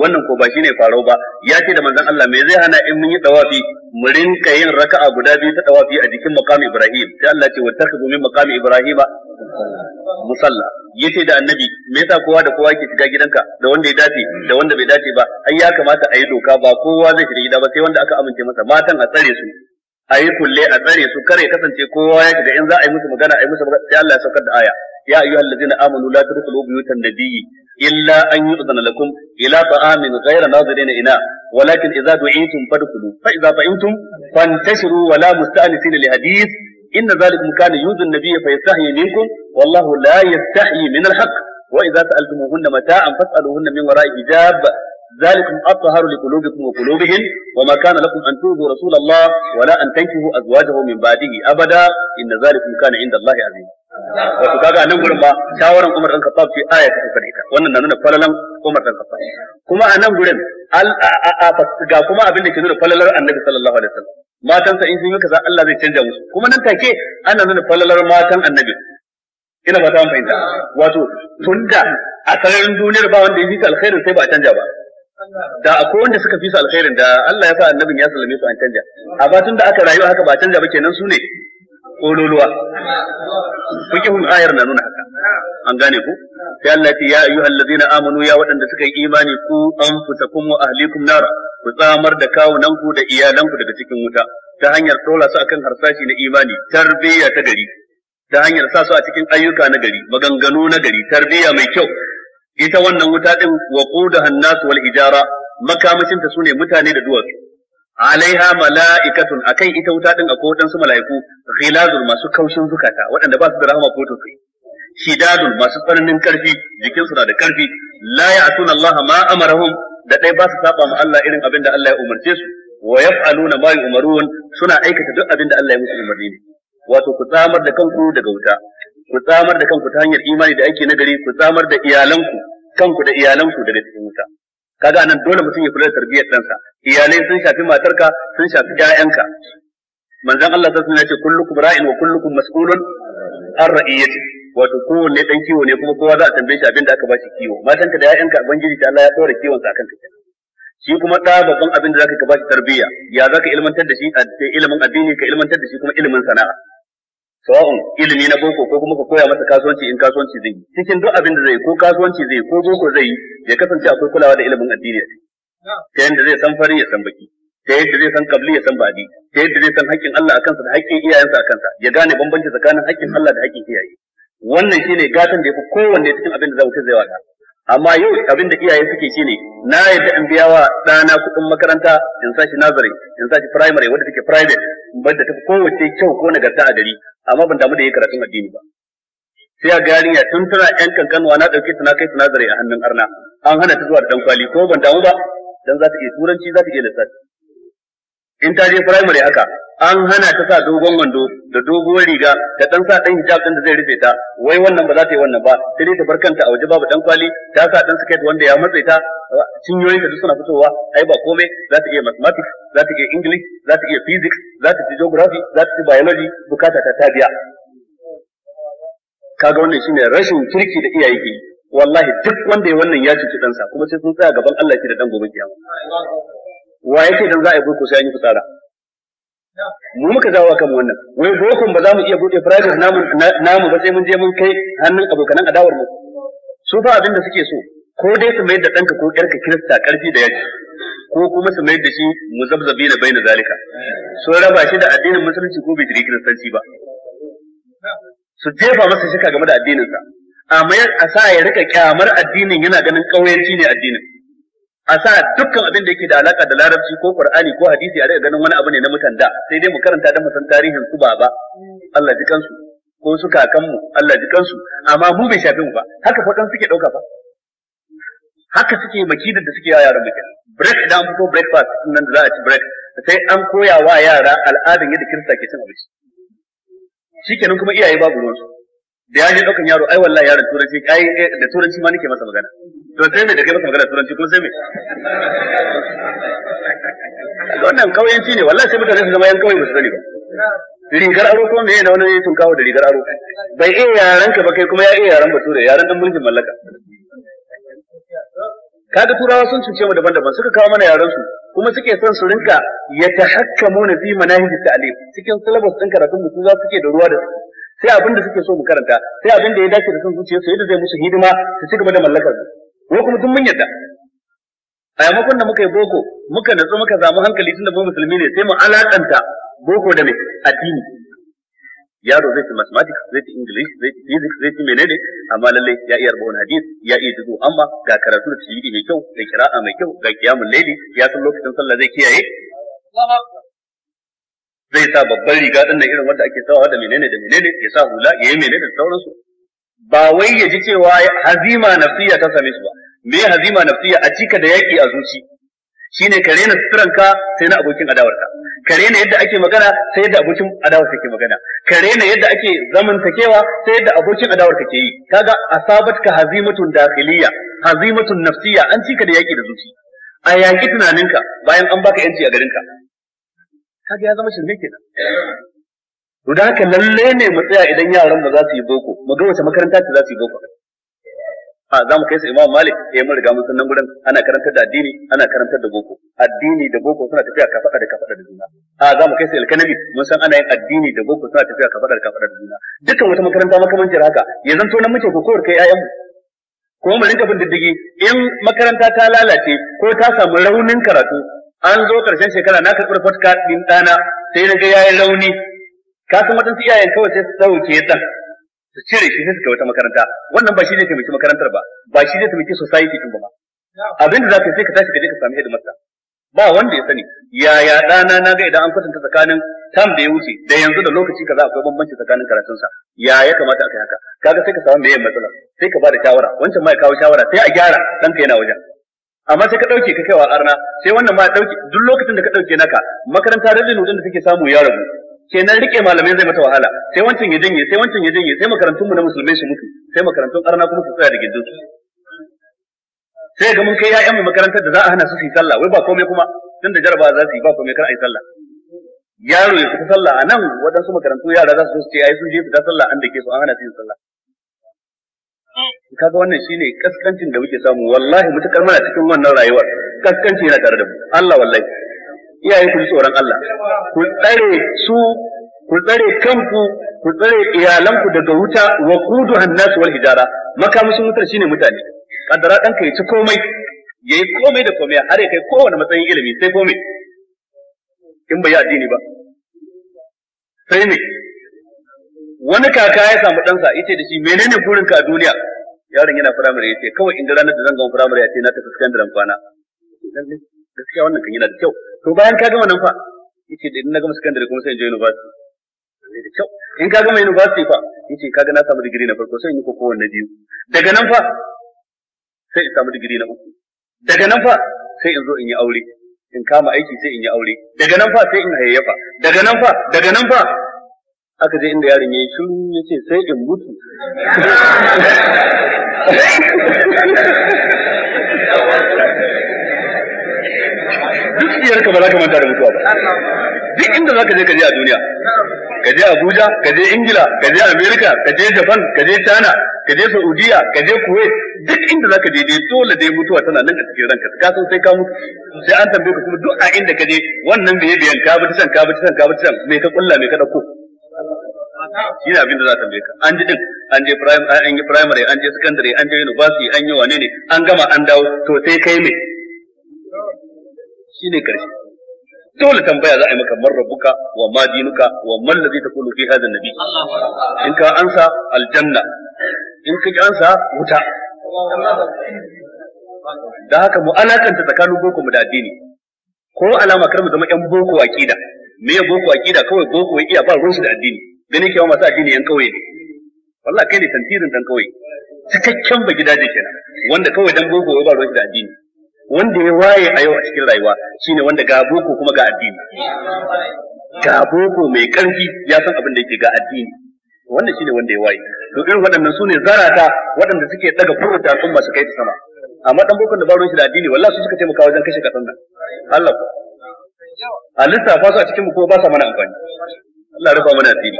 wannan ko ba shine farau ba ya ce da manzon Allah me zai hana in mun yi tawafi mu rinka yin raka'a guda biyu ta tawafi a jikin maqam Ibrahim sai Allah ce wattakhudhu min maqam Ibrahim musalla yace da annabi me yasa kowa da kowa yake shiga gidanka da wanda ya dace da wanda bai dace ba ai ya kamata a yi doka ba kowa zai shiga gida ba sai wanda aka amince masa matan a tsare su a yi kulle a tsare su kare kasance kowa ya shiga in za a yi musu magana a yi musu magana sai Allah ya saukar da aya يا أيها الذين آمنوا لا تدخلوا بيوت النبي إلا أن يؤذن لكم إلى طعام غير ناظرين إناء ولكن إذا دعيتم فادخلوا فإذا طعمتم فانتشروا ولا مستأنسين لحديث إن ذلك كان يؤذي النبي فيستحيي منكم والله لا يستحيي من الحق وإذا سألتموهن متاعا فاسألوهن من وراء حجاب ذلكم أطهر لقلوبكم وقلوبهم وما كان لكم أن تؤذوا رسول الله ولا أن تنكحوا أزواجه من بعده أبدا إن ذلكم كان عند الله عظيما wato kaga anan gurin ba shawaran Umar dan Khattab ce aya ta kuka ita wannan na nuna falalan Umar dan Khattab kuma anan gurin al ga kuma abin da ke nuna falalar Annabi sallallahu alaihi wasallam sa in sun yi kaza Allah zai canja musu kuma nan take ana nuna falalar matan Annabi ina ba ta fahimta wato tunda a sararin duniyar ba wanda ya fi alkhairin sai ba a canja ba da akwai wanda suka fi su alkhairin da Allah ya sa annabin ya sallame su an canja A tun da aka rayu haka ba canja ba kenan su ne kololuwa hun ayar na nuna haka an gane ku sai Allah ya ce ya ayyuhal ladina amanu ya waɗanda suka yi imani ku anfusakum wa ahlikum nara ku tsamar da kawunan ku da iyalan ku daga cikin wuta ta hanyar tola su akan harsashi na imani tarbiyya ta gari ta hanyar sa su a cikin ayyuka na gari maganganu na gari tarbiyya mai kyau ita wannan wuta din wa qudaha an-nas wal hijara makamashin ta sune mutane da duwatsu alaiha mala'ikatun akan ita wuta din akwai wadansu mala'iku ghilazul masu kaushin zukata waɗanda ba su da rahama ko tausayi shidadul masu tsananin karfi jikinsu na da karfi la ya'tuna Allah ma amarahum da dai ba su saba ma Allah irin abin da Allah ya umarce su wa yaf'aluna ma yu'marun suna aikata duk abin da Allah ya musu umarni ne wato ku tsamar da kanku daga wuta ku tsamar da kanku ta hanyar imani da ake nagari ku tsamar da iyalanku kanku da iyalanku daga cikin wuta kaga anan dole mutum ya kula da tarbiyyar ɗansa iyalai sun shafi matarka sun shafi ƴaƴanka manzon Allah ta sunna ce kullukum ra'in wa kullukum mas'ulun an ra'iyati wato kowanne dan kiwo ne kuma kowa za a tambaye shi abinda aka bashi kiwo matanka da ƴaƴanka ubangiji ta Allah ya tsora kiwon sa kanka shi kuma ɗa babban abin da zaka ka bashi tarbiyya ya zaka ilmantar da shi ilimin addini ka ilmantar da shi kuma ilimin sana'a sawa'un ilimi na boko ko kuma ka koya masa kasuwanci in kasuwanci zai yi cikin duk abin da zai ko kasuwanci zai ko boko zai yi ya kasance akwai kulawa da ilimin addini ta yadda zai san fari ya san baki ta yadda zai san kabli ya san badi ta yadda zai san haƙƙin Allah a kansa da haƙƙin iyayensa a kansa ya gane bambanci tsakanin haƙƙin Allah da haƙƙin iyaye wannan shine gatan da ya fi kowanne cikin abin da za mu ta zai wata amma yau abin da iyaye suke shine na yadda in biya wa ɗana kuɗin makaranta in sa shi nazari in sa shi primary wanda take private banda tafi kowace kyau ko nagarta a gari amma ban damu da yi karatun addini ba sai a gari yarinya tun tana yan kankanwa na ɗauke ta na kai ta nazari a hannun arna an hana ta zuwa da dankwali, kwali ko ban damu ba dan za ta iya turanci za ta iya lissafi in ta je primary haka an hana ta sa dogon wando da doguwar riga da dan sa dan hijab din da zai rufe ta wai wannan ba za ta yi wannan ba sai ta bar kanta a waje babu dan kwali ta sa dan skirt wanda ya matsa ta cinyoyin ta duk suna fitowa ai ba komai za ta iya mathematics za ta iya english za ta iya physics za ta iya geography za ta iya biology bukata ta tabiya. Ka kaga wannan shine rashin kirki da iyaye ke wallahi duk wanda ya wannan ya cuci dansa kuma sai sun tsaya gaban Allah ke da dan gobe kiyama wa yake dan za a yi burku sai an yi fitsara mu muka dawo kan wannan wai bokon ba za mu iya buɗe private namu namu ba sai mun je mun kai hannun abokan adawar mu su fa abin da suke so ko dai su mai da danka ko yarka kirista karfi da yaji ko kuma su mai da shi zabzabi na bai na zalika sun raba shi da addinin musulunci ko bai jiri kiristanci ba su jefa masa shika game da addininsa amma a sa ya rika kyamar addinin yana ganin kauyanci ne addinin a sa dukkan abin da yake da alaka da larabci ko qur'ani ko hadisi a daga ganin wani abu ne na mutanda, sai dai mu karanta da san tarihin su baba Allah ji kansu ko su kakanmu Allah ji kansu amma mu bai shafe mu ba haka fadan suke dauka ba haka suke makidar da suke yaran muke. break idan an fito breakfast nan da za a ci break sai an koya wa yara al'adun yadda kirista ke cin abinci shikenan kuma iyaye babu ruwansu da ya je daukan yaro ai wallahi yaron turanci kai eh, da turanci ma nake masa magana to sai me da kai baka magana turanci kuma sai me wannan kauyanci ne wallahi sai mutane su zama yan kauye ba su sani ba rigar aro ko meye na wani yi tunkawo da rigar aro bai iya yaran ka ba kai kuma ya iya yaran bature yaran dan mulkin mallaka kaga turawa sun cuce mu daban-daban suka kawo mana yaran su kuma suke son su rinka ya tahakkamu na fi manahij ta'lim cikin syllabus din karatun mu za suke da ruwa da sai abin da suke so mu karanta sai abin da ya dace da son zuciyarsu yadda zai musu hidima su ci gaba da mallakar su ko kuma duk mun yadda a yamakon da muka yi boko muka natsu muka samu hankali tunda mu musulmi ne sai mu alakanta boko da mai addini yaro zai ci mathematics zai ci english zai ci physics zai ci menene amma lalle ya iya rubuta hadis ya iya dubu amma ga karatu da tijiri mai kyau da kira'a mai kyau ga kiyamul laili ya san lokacin sallah zai kiyaye zai sa babban riga din nan irin wanda ake sawa da menene da menene ya sa hula ya yi menene da sauransu ba wai ya ji cewa hazima nafsiya ta same su ba me hazima nafsiya a cika da yaki a zuci shine ka rena suturanka sai na abokin adawarka ka rena yadda ake magana sai yadda abokin adawar ke magana ka rena yadda ake zamantakewa sai yadda abokin adawar ke yi kaga asabat ka hazimatun dakhiliya hazimatun nafsiya an cika da yaki da zuci a yaki tunaninka bayan an baka yanci a garinka kaga ya zama shirme kenan to da haka lalle ne mu tsaya idan yaran mu za su yi boko mu ga wace makaranta ce za su yi boko a za mu kai su imam malik ya eh, mun riga mun san nan gurin ana karantar da addini ana karantar da boko addini da boko suna tafiya kafada da kafada da juna a za mu kai su alkanabi mun san ana yin addini da boko suna tafiya kafada da kafada da juna dukkan wata makaranta makamancin haka ya zanto nan muke kowar kai ƴaƴan mu kuma mu rinka bin diddigi in makaranta ta lalace ko ta samu raunin karatu an zo karshen shekara na karɓar podcast din ɗana sai na ga yayin rauni ka san waɗansu iyayen kawai sai su dauke dan su cire shi suka wata makaranta wannan ba shi ne taimaki makarantar ba ba shi ne taimaki society din ba abin da zaka sai ka tashi ka ka sami ba wanda ya sani yaya ɗana na ga idan an kwatanta tsakanin tam da ya wuce da yanzu da lokaci kaza akwai bambanci tsakanin karatunsa ya ya kamata aka haka kaga sai ka samu meye matsala sai ka bada shawara wancan ma ya kawo shawara sai a gyara ka yana wajen amma sai ka ɗauke ka kaiwa arna sai wannan ma ya ɗauke duk lokacin da ka dauke naka makaranta rajin da take samu ya ragu kenan rike malamai zai mata wahala sai wancan ya janye sai wancan ya janye sai makarantun mu na musulmai su mutu sai makarantun arna kuma su tsaya da gidan su sai ga mun kai ƴaƴan mu makarantar da za a hana su su sallah wai ba komai kuma tun da jarabawa za su yi ba komai kar ai sallah yaro ya fita sallah a nan waɗansu makarantu yara za su ce ai sun je da sallah an da ke su an hana su yin sallah kaga wannan shine kaskancin da muke samu wallahi mutakar muna cikin wannan rayuwar kaskanci yana tare da mu Allah wallahi iyaye ku ji tsoron Allah ku tsare su ku tsare kanku ku tsare iyalanku daga wuta wa kudu hannas wal hijara musu mutar shine mutane kadara danka ya ci komai yayi komai da komai har ya kai kowane matsayin ilimi sai komai in bai addini ba sai ne wani kaka ya samu ɗansa ya ce da shi menene burinka a duniya yaron yana firamare ya ce kawai in ranar da zan gama firamare ya ce na tafi sakandaren kwana gaskiya wannan kan yana da kyau to bayan ka gama nan fa yace da na gama secondary kuma sai in je university zai da kyau in ka gama university fa yace kaga na samu digiri na farko sai in yi koko na biyu daga nan fa sai in samu digiri na uku daga nan fa sai in zo in yi aure in kama aiki sai in yi aure daga nan fa sai in hayayyafa daga nan fa daga nan fa aka je inda yaron ya yi shiru ya ce sai in mutu [LAUGHS] duk ka ba za ka manta da mutuwa ba duk inda za ka je ka je a duniya ka je Abuja ka je Ingila ka je America ka je Japan ka je China ka je Saudiya ka je Kuwait duk inda za ka je dai dole dai mutuwa tana nan a cikin ranka ka san sai ka mutu sai an tambaye ka kuma duk a inda ka je wannan ya biyan ka bi can ka bi can ka bi can me ka kulla me ka dauko shi ne abin da za a tambaye ka an ji din an je primary an je secondary an je university an yi wane ne an gama an dawo to sai kai me shine karshe dole tambaya za a yi maka marrabuka wa ma dinuka wa man ladhi takunu fi hadha nabi in ka ansa aljanna in ka ansa wuta da haka mu alakanta tsakanin boko mu da addini ko alama kar mu zama yan boko ƙida. me ya boko ƙida? kawai boko ya iya ba ruwan su da addini Gani kewa masu addini yan kawai ne wallah kai ne tantirin dan kawai cikakken ba da kenan wanda kawai dan boko ya ba ruwan su da addini wanda ya waye a yau a cikin rayuwa shine wanda ga boko kuma ga addini ga boko mai karfi ya san abin da yake ga addini wannan shine wanda ya waye to irin waɗannan su ne zarata waɗanda suke daga furta sun masu kai ta sama amma dan bokon da baron shi da addini wallahi su suka taimaka wajen kashe kasan nan Allah ku a lissafa su a cikin mu kuma ba sa mana amfani Allah rufa mana asiri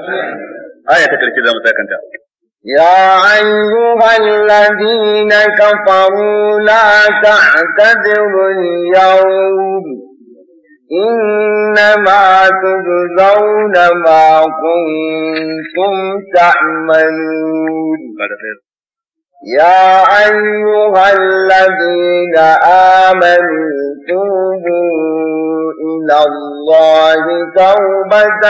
aya ta karshe za mu sakanta يا أيها الذين كفروا لا تعتذروا اليوم إنما تجزون ما كنتم تعملون يا أيها الذين آمنوا توبوا إلى الله توبة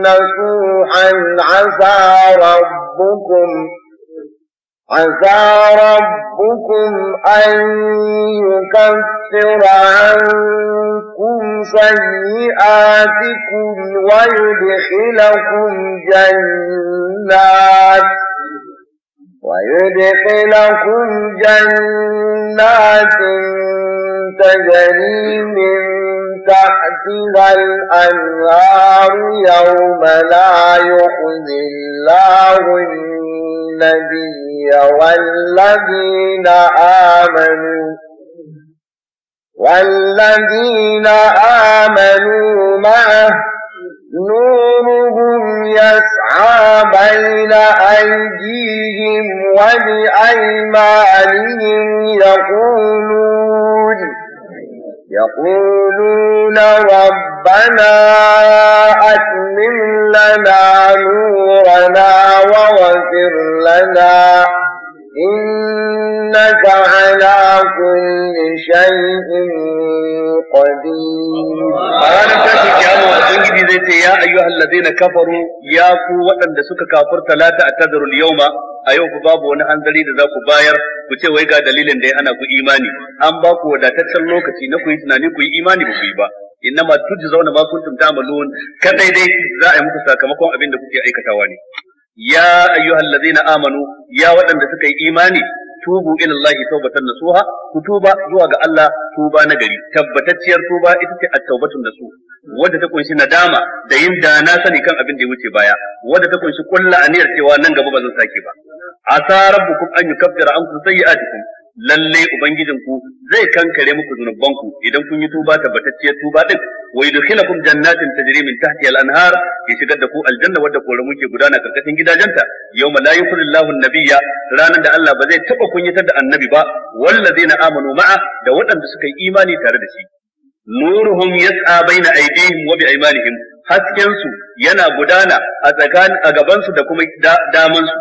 نصوحا عسى ربكم عسى ربكم أن يكفر عنكم سيئاتكم ويدخلكم جنات ويدخلكم جنات تجري من تحتها الأنهار يوم لا يخزي الله النبي والذين آمنوا والذين آمنوا معه نورهم يسعى بين أيديهم وبأيمانهم يقولون يقولون ربنا أتمم لنا نورنا واغفر لنا إنك على كل شيء قدير ubangiji zai ce ya ayyuhal ladzina kafaru ya ku waɗanda suka kafurta la ta'tazirul yawma a yau ku babu wani hanzari da za ku bayar ku ce wai ga dalilin da ya ana ku imani an ba ku wadataccen lokaci na ku yi tunani ku yi imani ba ku yi ba innama tujzauna ma kuntum ta'malun kadai dai za a yi muku sakamakon abin da kuke aikatawa ne ya ayyuhal ladzina amanu ya waɗanda suka yi imani tubu ila Allah tawbatan nasuha ku tuba zuwa ga Allah tuba na gari tabbatacciyar tuba ita ce at-taubatun nasu wadda ta kunshi nadama da yin da na sani kan abin da ya wuce baya wadda ta kunshi kullu aniyar cewa nan gaba ba zan sake ba asa rabbukum an yukaffira ankum sayyi'atikum lalle ubangijin ku zai kankare muku zunuban ku idan kun yi tuba tabbatacciyar tuba din wa yudkhilukum jannatin tajri min tahtiha al-anhar ya shigar da ku aljanna wadda koramu ke gudana karkashin gidajenta yawma la yukhrillahu an-nabiyya ranan da Allah ba zai taba kunyatar da annabi ba na amanu ma'a da waɗanda suka yi imani tare da shi nuruhum yas'a baina aydihim wa bi aymanihim hasken su yana gudana a tsakanin a gaban su da kuma damansu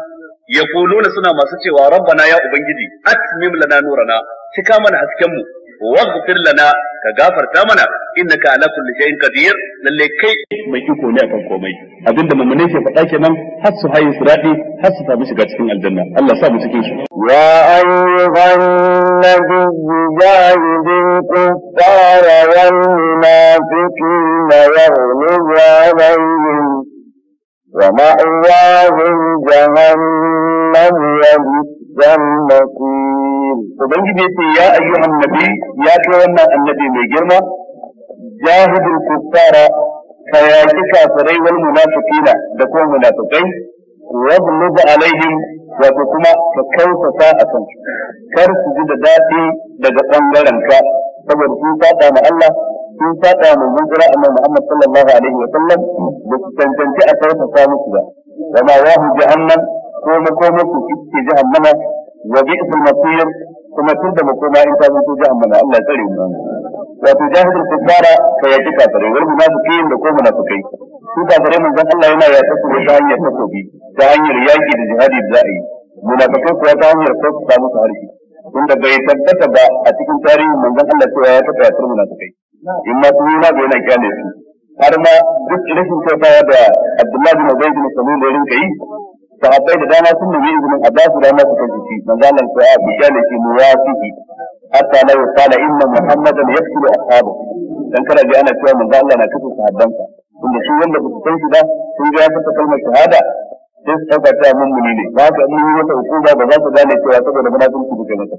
yaquluna suna masu cewa rabbana ya ubangiji atmim lana nurana cika mana hasken mu waghfir lana ka gafarta mana innaka ala kulli shay'in qadir lalle kai mai iko ne akan komai abinda mamane ke faɗa kenan har su hayi sirati har su samu shiga cikin aljanna Allah sa mu cikin su ya ayyuhan nabiyyu jahidil kuffara wal munafiqina yaghlibu alayhim ومأواهم جهنم وبئس المصير وبنجي يا أيها النبي يا كوانا النبي ميجرنا جاهد الكفار فياتي كافري والمنافقين دكوا منافقين واغلظ عليهم wato kuma ka كرس a kan kar su ji da daɗi daga ɓangaren ka saboda sun ma Allah sun faɗa mun hijira amma Muhammad sallallahu alaihi wa sallam da su cancanci a sarrafa sa musu ba wa ma wahu jahannam ko makoma ku ke jahannama wa bi'sul masir kuma tun da makoma in ta zanto jahannama Allah ya tsare mu wato jahilul kuffara ka yaki kafirai wal munafiqin da ko munafikai su mun manzon Allah yana ya tafi da hanyar takobi ta hanyar yaki da jihadi da za'i munafikai kuwa ta hanyar ko su samu harshe da bai tabbata ba a cikin tarihin manzon Allah cewa ya tafi ya turmuna in ma su na bai na kyale su har ma duk rashin kyautawa da Abdullahi bin Ubay bin Salul da rinka yi sahabbai da dama sun nemi izinin Abbas da ma su kanci shi manzo Allah ko ya kyale shi mu ya fi hatta la yusala inna Muhammadan yaqtulu a dan kada ga ana cewa manzo Allah na kafa sahabbansa inda shi wanda ba san shi ba sun ga ya kalmar shahada sai su ta mun muni ne ba ka yi wata hukuma ba za su gane cewa saboda munafunci kuke masa.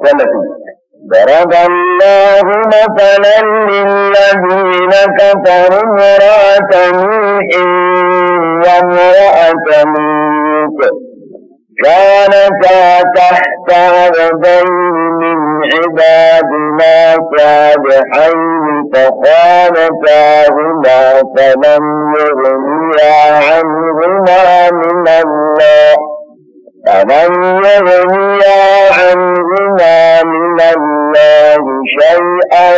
Wallahi ضرب الله مثلا للذين كفروا امرأة نوح وامرأة لوط كانتا تحت عبدين من عبادنا صالحين فخانتاهما فلم يغنيا عنهما من الله ألم يغني عندنا من الله شيئا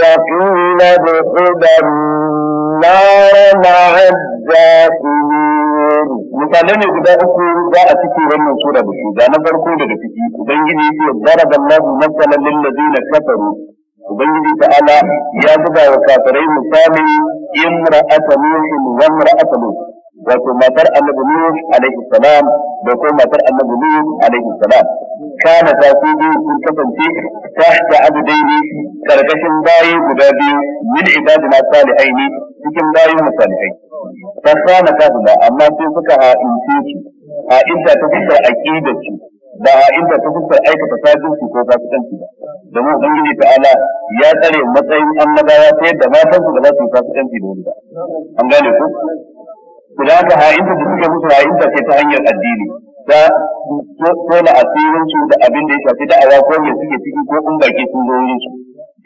وقيل ادخلا النار مع الداخلين misalan ne guda uku za a cike wannan sura da su da na farko daga ciki ubangiji ya daraba Allahu masalan lil ladina kafaru ubangiji ta'ala ya buga wa kafirai misalin imra'atan nuhin wa imra'atan nuhin wato matar annabi Nuh alaihi salam da kuma matar annabi Nuh alaihi salam kana ta su biyu sun kasance tahta abdaini karkashin bayi guda biyu min ibadina salihaini cikin bayin musalihai fasana ta guda amma sun suka ha'ince su ha'inta ta fuskar aqidar su ba ha'inta ta fuskar aikata sajinsu ko fasikanci ba domin ubangiji ta'ala ya tsare matsayin annabawa ta yadda matansu da za su yi fasikanci da wanda. an gane ku da haka ha'inta da suke musu ha'inta ke ta hanyar addini da tona asirin su da abin da ya shafi da'awa ko mai suke ciki ko in baki sun zo wurin su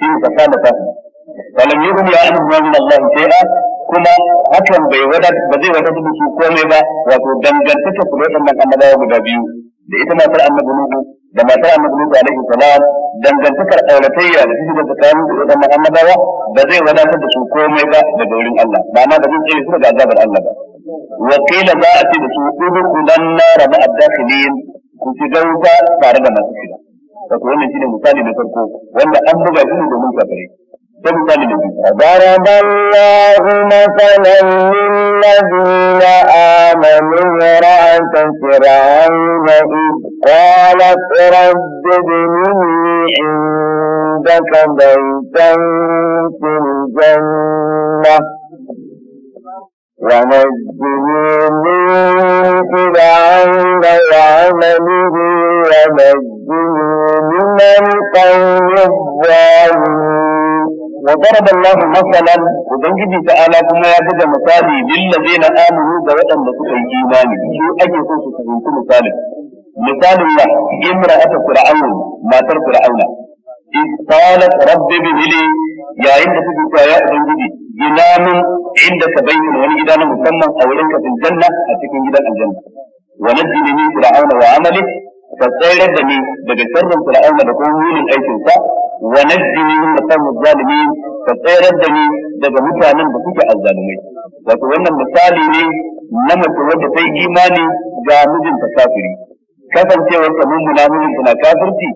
shi ne ka kana ta walam yuhum ya anhu da Allah shay'a kuma hakan bai wada ba zai wada da su komai ba wato dangantaka su da wannan guda biyu da ita matar annabi Nuhu da matar annabi Nuhu alaihi salam dangantakar auratayya da take da tsakanin da wannan annabawa ba zai wada da su komai ba daga wurin Allah ba ma da zai tsare su daga azabar Allah ba wakila za a ce da su udkhulan nar ma ad-dakhilin ku shiga wuta tare da masu shiga wato wannan shine misali na farko wanda an buga shi domin kafirai biyu ضرب الله مثلا للذين آمنوا امرأة فرعون إذ قالت رب ابن عندك بيتا في الجنة ونجني من فرعون وعمله ونجني من القوم الظالمين وضرب الله مثلا وبنجي تعالى كما يبدا مثالي للذين امنوا بوطن بسوء الايمان شو اجل سوء سوء كل مثال الله امرأة فرعون ما تر فرعون إذ قالت رب ابن لي يا عند تجد يا ابن jinanin inda ka bayyana wani gida na musamman a wurin kafin janna a cikin gidan aljanna wa najjini min fir'auna wa amali ka tsayar da ni daga sharrin fir'auna da kuma munin aikinsa wa najjini min musamman zalimin ka tsayar da ni daga mutanen da suke azzalumai wato wannan misali ne na mace wadda ta yi imani ga mijinta kafiri kasancewar ta mummuna mijinta na kafirci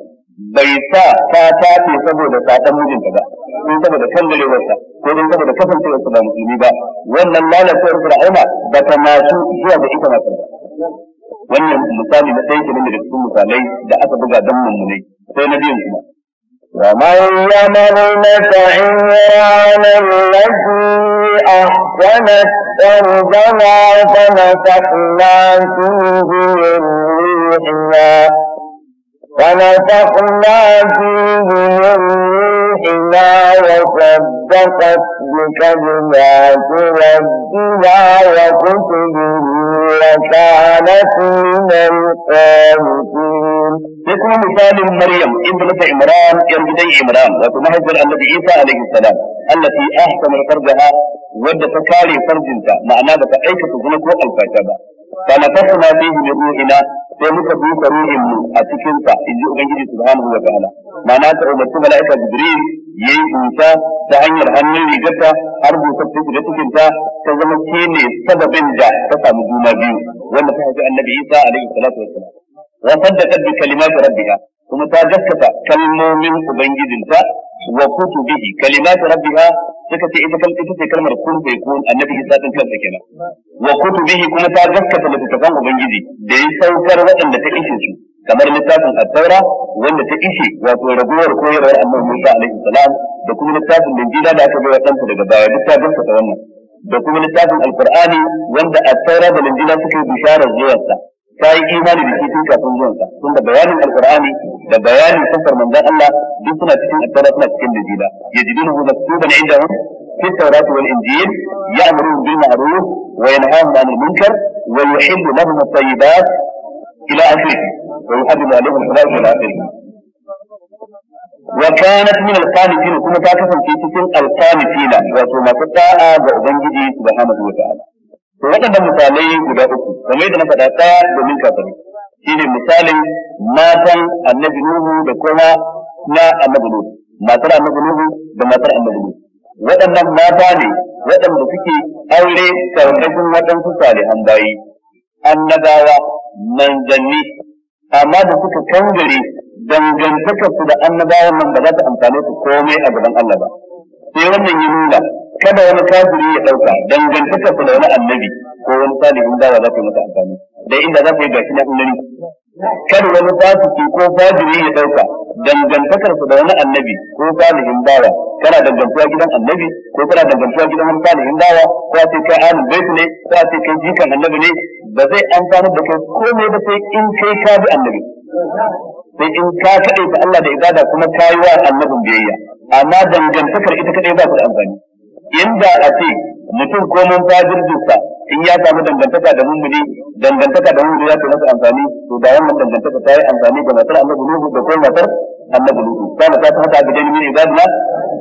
bai sa ta tace saboda satan mijinta ba don saboda kammalewarsa ko don saboda kasancewarsa ba musulmi ba wannan lalacewar fir'auna ba ta masu zuwa ga ita masu ba wannan misali na ɗaya kenan daga cikin misalai da aka buga don mummunai sai na biyun kuma ومريم ابنة عمران التي أحسنت فرجها فنفخنا فيه من روحنا فنفخنا فيه من روحنا وصدقت بكلمات ربنا وكتبه وكانت من القانتين. يكون مثال مريم ابنة عمران يرجدي عمران وتمهجر النبي عيسى عليه السلام التي احسن فرجها ودت كاري فرجها معناه بتعيش تزنك وقلبها fa nafatna fihi bi ruhina sai muka buka ruhin a cikinsa inji ubangiji subhanahu wa ta'ala ma'ana ta umarci mala'ika ya yayi busa ta hanyar hannun rigarta har busa ta shiga cikin ta ta zama shi ne sababin da ta samu juna biyu wanda ta haifi annabi isa alaihi salatu wassalam wa da bi kalimati rabbiha kuma ta gaskata kalmomin ubangijinta wa kutubihi kalimati rabbiha suka ce ita kan ita ce kalmar kun bai kun annabi Isa din kansa kenan wa kutubihi kuma ta gaskata littafan ubangiji da ya saukar waɗanda ta ishe su kamar littafin at-taura wanda ta ishe wato raguwar koyarwar annabi Musa alaihi salam da kuma littafin linjila da aka bayar ɗanta daga baya duk ta wannan da kuma littafin wanda at da linjila suka yi bisharar zuwansa ta yi imani da shi tun kafin zuwan sa tunda bayanin alqur'ani da bayanin sunnar manzon Allah duk suna cikin addara suna cikin dijila yajiduhu maktuban indahu في التوراة والإنجيل يأمرون بالمعروف وينهاهم عن المنكر ويحل لهم الطيبات إلى آخره ويحرم عليهم الحلال إلى آخره وكانت من القانتين كما تعرفون في تلك القانتين وثم تطاع بأبنجي سبحانه وتعالى waɗannan misalai guda uku kamar yadda na faɗa ɗaya domin kafirai shi ne misalin matan annabi nuhu da kuma na annabi nuhu matar annabi nuhu da matar annabi nuhu waɗannan mata ne waɗanda suke aure karkashin waɗansu salihan bayi annabawa manzanni amma da suka kangare dangantakarsu da annabawan nan ba za ta amfane su komai a gaban Allah ba sai wannan ya nuna kada wani kafiri ya dauka dangantaka su da wani annabi ko wani salihin dawa za ka yi masa amfani da inda za ka yi gashi na annabi kada wani fasiki ko fajiri ya dauka dangantakar su da wani annabi ko salihin dawa kana dangantuwa gidan annabi ko kana dangantuwa gidan wani salihin dawa ko a ce kai ahlul bait ne ko a ce kai jikan annabi ne ba zai amfana da kai komai ba sai in kai ka bi annabi sai in ka kaɗai ta Allah da ibada kuma ka yi wa annabin biyayya amma dangantakar ita kaɗai ba ku da amfani inda a ce mutum ko mun fajirjinsa in ya samu dangantaka da mummuni dangantaka da mummuni ya masa amfani to da wannan dangantaka ta yi amfani da matar annabi nuhu da kuma matar annabi lutu kana ta hada da jami'in ibadina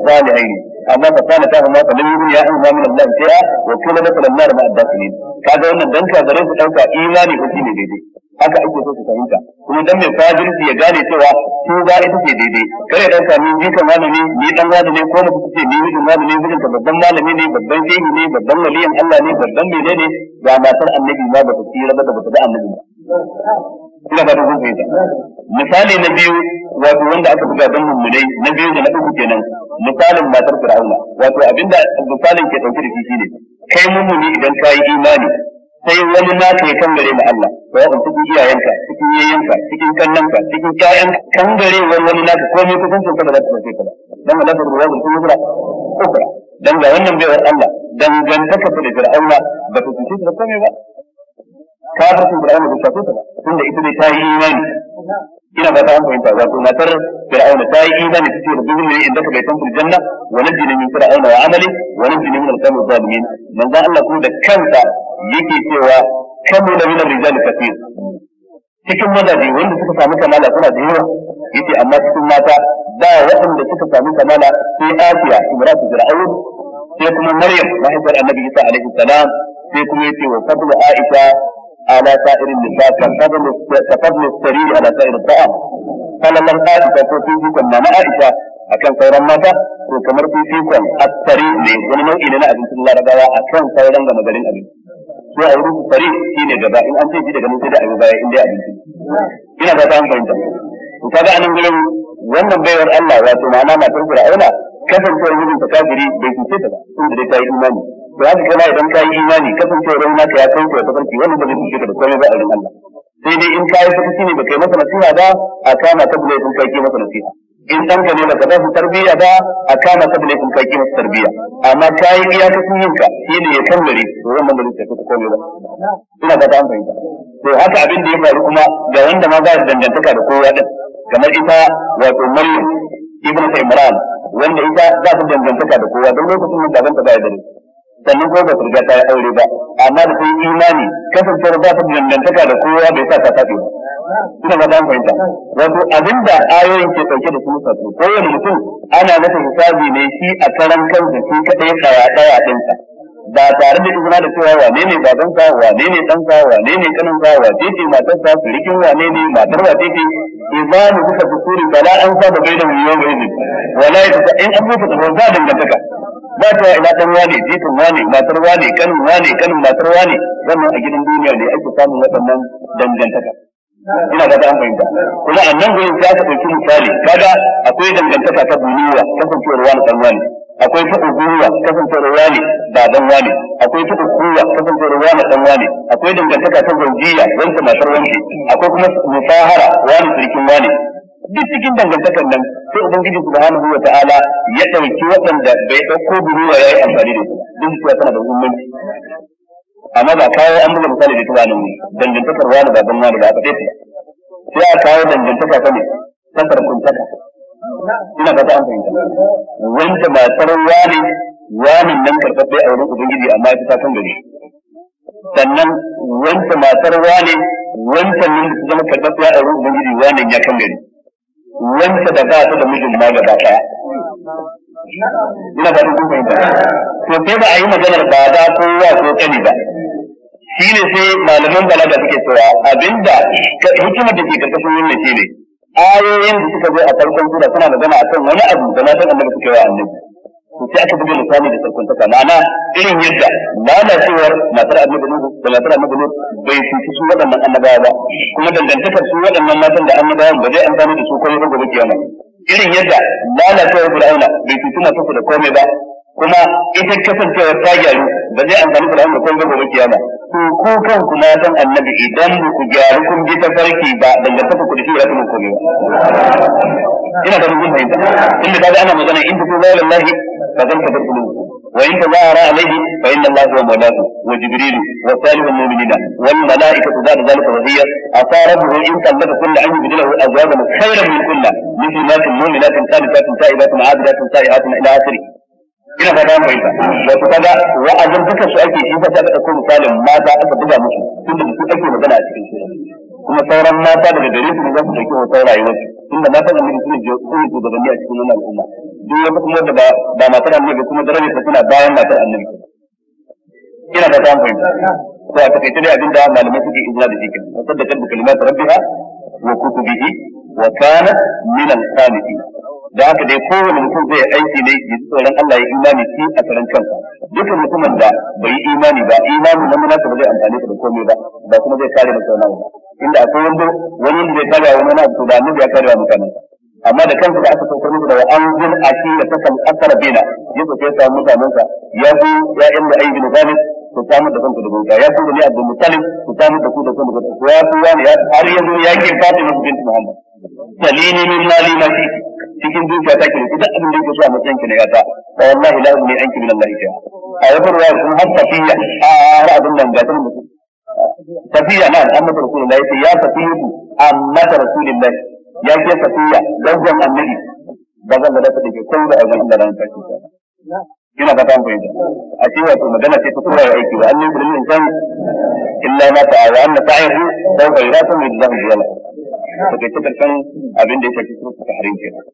salihin amma fa kana ta amma fa lam ya an zamin Allah sai wa kila nasal Allah ma addakilin kaga wannan dan ka gare su dauka imani ko shine daidai haka ake so su fahimta kuma dan mai fajirci ya gane cewa su ba ita ke daidai kare dan ka ni ni kan malami ni dan wani ne ko mutum ce ni mijin malami mijin ka babban malami ne babban shehi ne babban waliyin Allah ne babban menene ga matar annabi ma ba su tsira ba ta da annabi ba ina ba ta kun fahimta misali na biyu wato wanda aka buga don mummunai na biyu da na uku kenan misalin matar fir'auna wato abinda misalin ke ɗauki da shi shine kai mummuni idan ka yi imani sai wani naka ya kangare ma Allah sawa'un cikin iyayenka cikin yayyanka cikin kannanka cikin kayan kangare wani wani naka komai kusancin ka da za ta sauke ka dan Allah ta rubuta cikin kura ukra dan ga wannan baiwar Allah dangantaka da fir'auna ba ta kusa da komai ba kafircin fir'auna bai shafe ta ba tunda ita dai ta yi imani ina ba ta fahimta wato matar fir'auna ta yi imani ta ce rabbi ne inda ka bai san firjanna wa najini min fir'auna wa amali wa jini min al-qawmi adh-dhalimin Allah kuma da kansa yake cewa kamu da min ar-rijali kathir cikin mazaje wanda suka samu kamala suna da yawa yace amma cikin mata ba waɗanda suka samu kamala sai Asiya imratu fir'aun sai kuma Maryam mahaifiyar Annabi Isa alaihi salam sai kuma yace wa fadlu Aisha على سائر النساء كفضل السرير على سائر الطعام فلما عائشة فيكم ما عائشة akan sauran mata ko kamar fifikon asari ne wani nau'i ne na abincin larabawa a kan sauran gama garin abinci so a wurin sari shi ne gaba in an ce shi daga mun sai da abin baya inda abinci ina ba ta an fahimta to kaga anan wannan baiwar Allah wato ma'ana matar Fir'auna kasancewar mijinta kafiri bai kuce ta da ta yi imani to haka kana idan ka yi imani kasancewa ran naka ya kauce ya farki wannan ba zai fice ka da komai ba a rin Allah sai dai in kayi saka shine baka yi masa nasiha ba a kama ka bule sun kake masa nasiha in dan ka ne baka ba su tarbiyya ba a kama ka bule sun kake masa tarbiyya amma kayi iya ka sun shi ne ya kammare to zan ban da zai ka komai ba ina ga an fahimta to haka abin da ya faru kuma ga wanda ma ba dangantaka da kowa din kamar ita wato Maryam ibn Imran wanda ita za ta dangantaka da kowa don lokacin da babanta ba ya da sannan kuma ba ta ta yi aure ba amma da sun imani kasancewar ba ta dangantaka da kowa bai sa ta tafi ba ina ba dan fahimta wato abinda ayoyin ke dauke da su sa kowane mutum ana masa hisabi ne shi a karan kansa shi kadai tsaya daya dinsa ba tare da izina da cewa wane ne sa wane ne sa wane ne kaninsa titi ce matarsa surikin wane ne matar wa ce imanu suka fusuri bala an saba gaida mu yau mai wala ya tuka in an mutu da za dangantaka ba ta ila dan wane jikin wane matar wane kanin wane kanin matar wane wannan a gidan duniya ne ake samun waɗannan dangantaka ina ga an fahimta kuma annan gurin za ka ɗauki misali kaga akwai dangantaka ta duniya kasancewar wani dan wane akwai ta uguwa kasancewar wani ba dan wani akwai ta uguwa kasancewar wani dan wani akwai dangantaka ta gurjiya wanda matar wanki akwai kuma mufahara wani sirkin wani duk cikin dangantakar nan sai ubangiji subhanahu wa ta'ala ya dauki wadanda bai dauko duruwa yayi amfani da su duk cewa tana da muhimmanci amma ba kawai an buga misali da tuba mu, dangantakar wani ba dan wani ba ka sai a kawo dangantaka ta ne ta ta ina ba ta an fahimta wanda matar wani wani nan karfafe a wurin ubangiji amma ya ta kan gari sannan wanda matar wani wanda nan zama karfafe a wurin ubangiji wani ya kan gari wanda da ba ta da mijin ma gaba ɗaya ina ba ta kun fahimta to sai ba a yi maganar ba za ko wa ko kani ba shi ne sai malaman balaga suke cewa abinda hikimar da ke karkashin yin ne ayoyin da suka zo a farkon sura suna magana akan wani abu da matan annabi suka yi wa annabi to sai aka bude misali da Sarkon taka mana irin yadda lalacewar matar annabi nuhu da matar annabi nuhu bai cuci su waɗannan annabawa ba kuma dangantakar su waɗannan matan da annabawan ba zai amfani da su komai ba gobe kiyama irin yadda lalacewar fir'auna bai cuci matarsa da komai ba kuma ita kasancewar ta gyaru ba zai amfani fir'auna da komai ba gobe kiyama to ku kanku na san annabi idan ba ku gyaru kun ji tafarki ba dangantaka ku da shi ya kuma kome ba ina da rubun fahimta inda kaga ana magana in tuku zai lallahi fa zan tabar kulu wa in tazahara alayhi fa inna allaha huwa mawlahu wa jibril wa salihul mu'minina wal malaikatu ba'da dhalika wahiya asa rabbuhu in tallaka kullu an yubdilahu azwajan khayran min kulli mithlatun mu'minatin qanitatun ta'ibatun 'abidatun sa'ihatun ila akhirih ina fata mai ta wato kaga wa'azin duka su ake shi fata da ɗauko misalin mata aka buga musu tunda da su ake magana a cikin shirin kuma sauran mata daga gare su ne za su ɗauki hoton rayuwar tunda mata da miji suna suna shugabanni a cikin wannan al'umma duk wata kuma da ba matar annabi kuma darajar ta suna bayan matar annabi ina fata mai ta ko a takaice dai abin da malamai suke izina da shi kan wasan da kalmar rabbiha wa kutubihi wa kana min al-qanitin da haka dai kowane mutum zai aiki ne ya ji tsoron Allah ya imani shi a karan kansa dukkan mutumin da bai yi imani ba imani na munasa ba zai amfani da komai ba ba kuma zai kare da sauran ba inda akwai wanda wani da zai kare wa wani abu da annabi ya kare wa mutane amma da kansa da aka saukar musu da an zin a shi da ta kan asara bena ya samu samun mutanen sa ya zo ya'yan da ayyukan zalim ku samar da kanku da bauta ya ku da ni abdul mutalib ku samar da ku da kanku da ku ya ku ya ne har yanzu ya ke fati masu bin muhammad salini min mali ma shi cikin dukiya ta kire duk abin da yake so a matsayin ki na yata fa wallahi la umni anki min allah ta a yabar wa kun hatta fiya a abin nan ga tun tafiya na Muhammad Rasulullahi sai ya tafiya amma da Rasulullahi ya ke tafiya dangon annabi ba zan da ta dake kullu a wannan da ran ta ina ka tambaye da a ce wato magana ce ta tura aiki ba annin bil insan illa ma ta wa anna sa'ihu sawfa yurasu min dhalika yana to kai ta kan abin da yake cikin harin kenan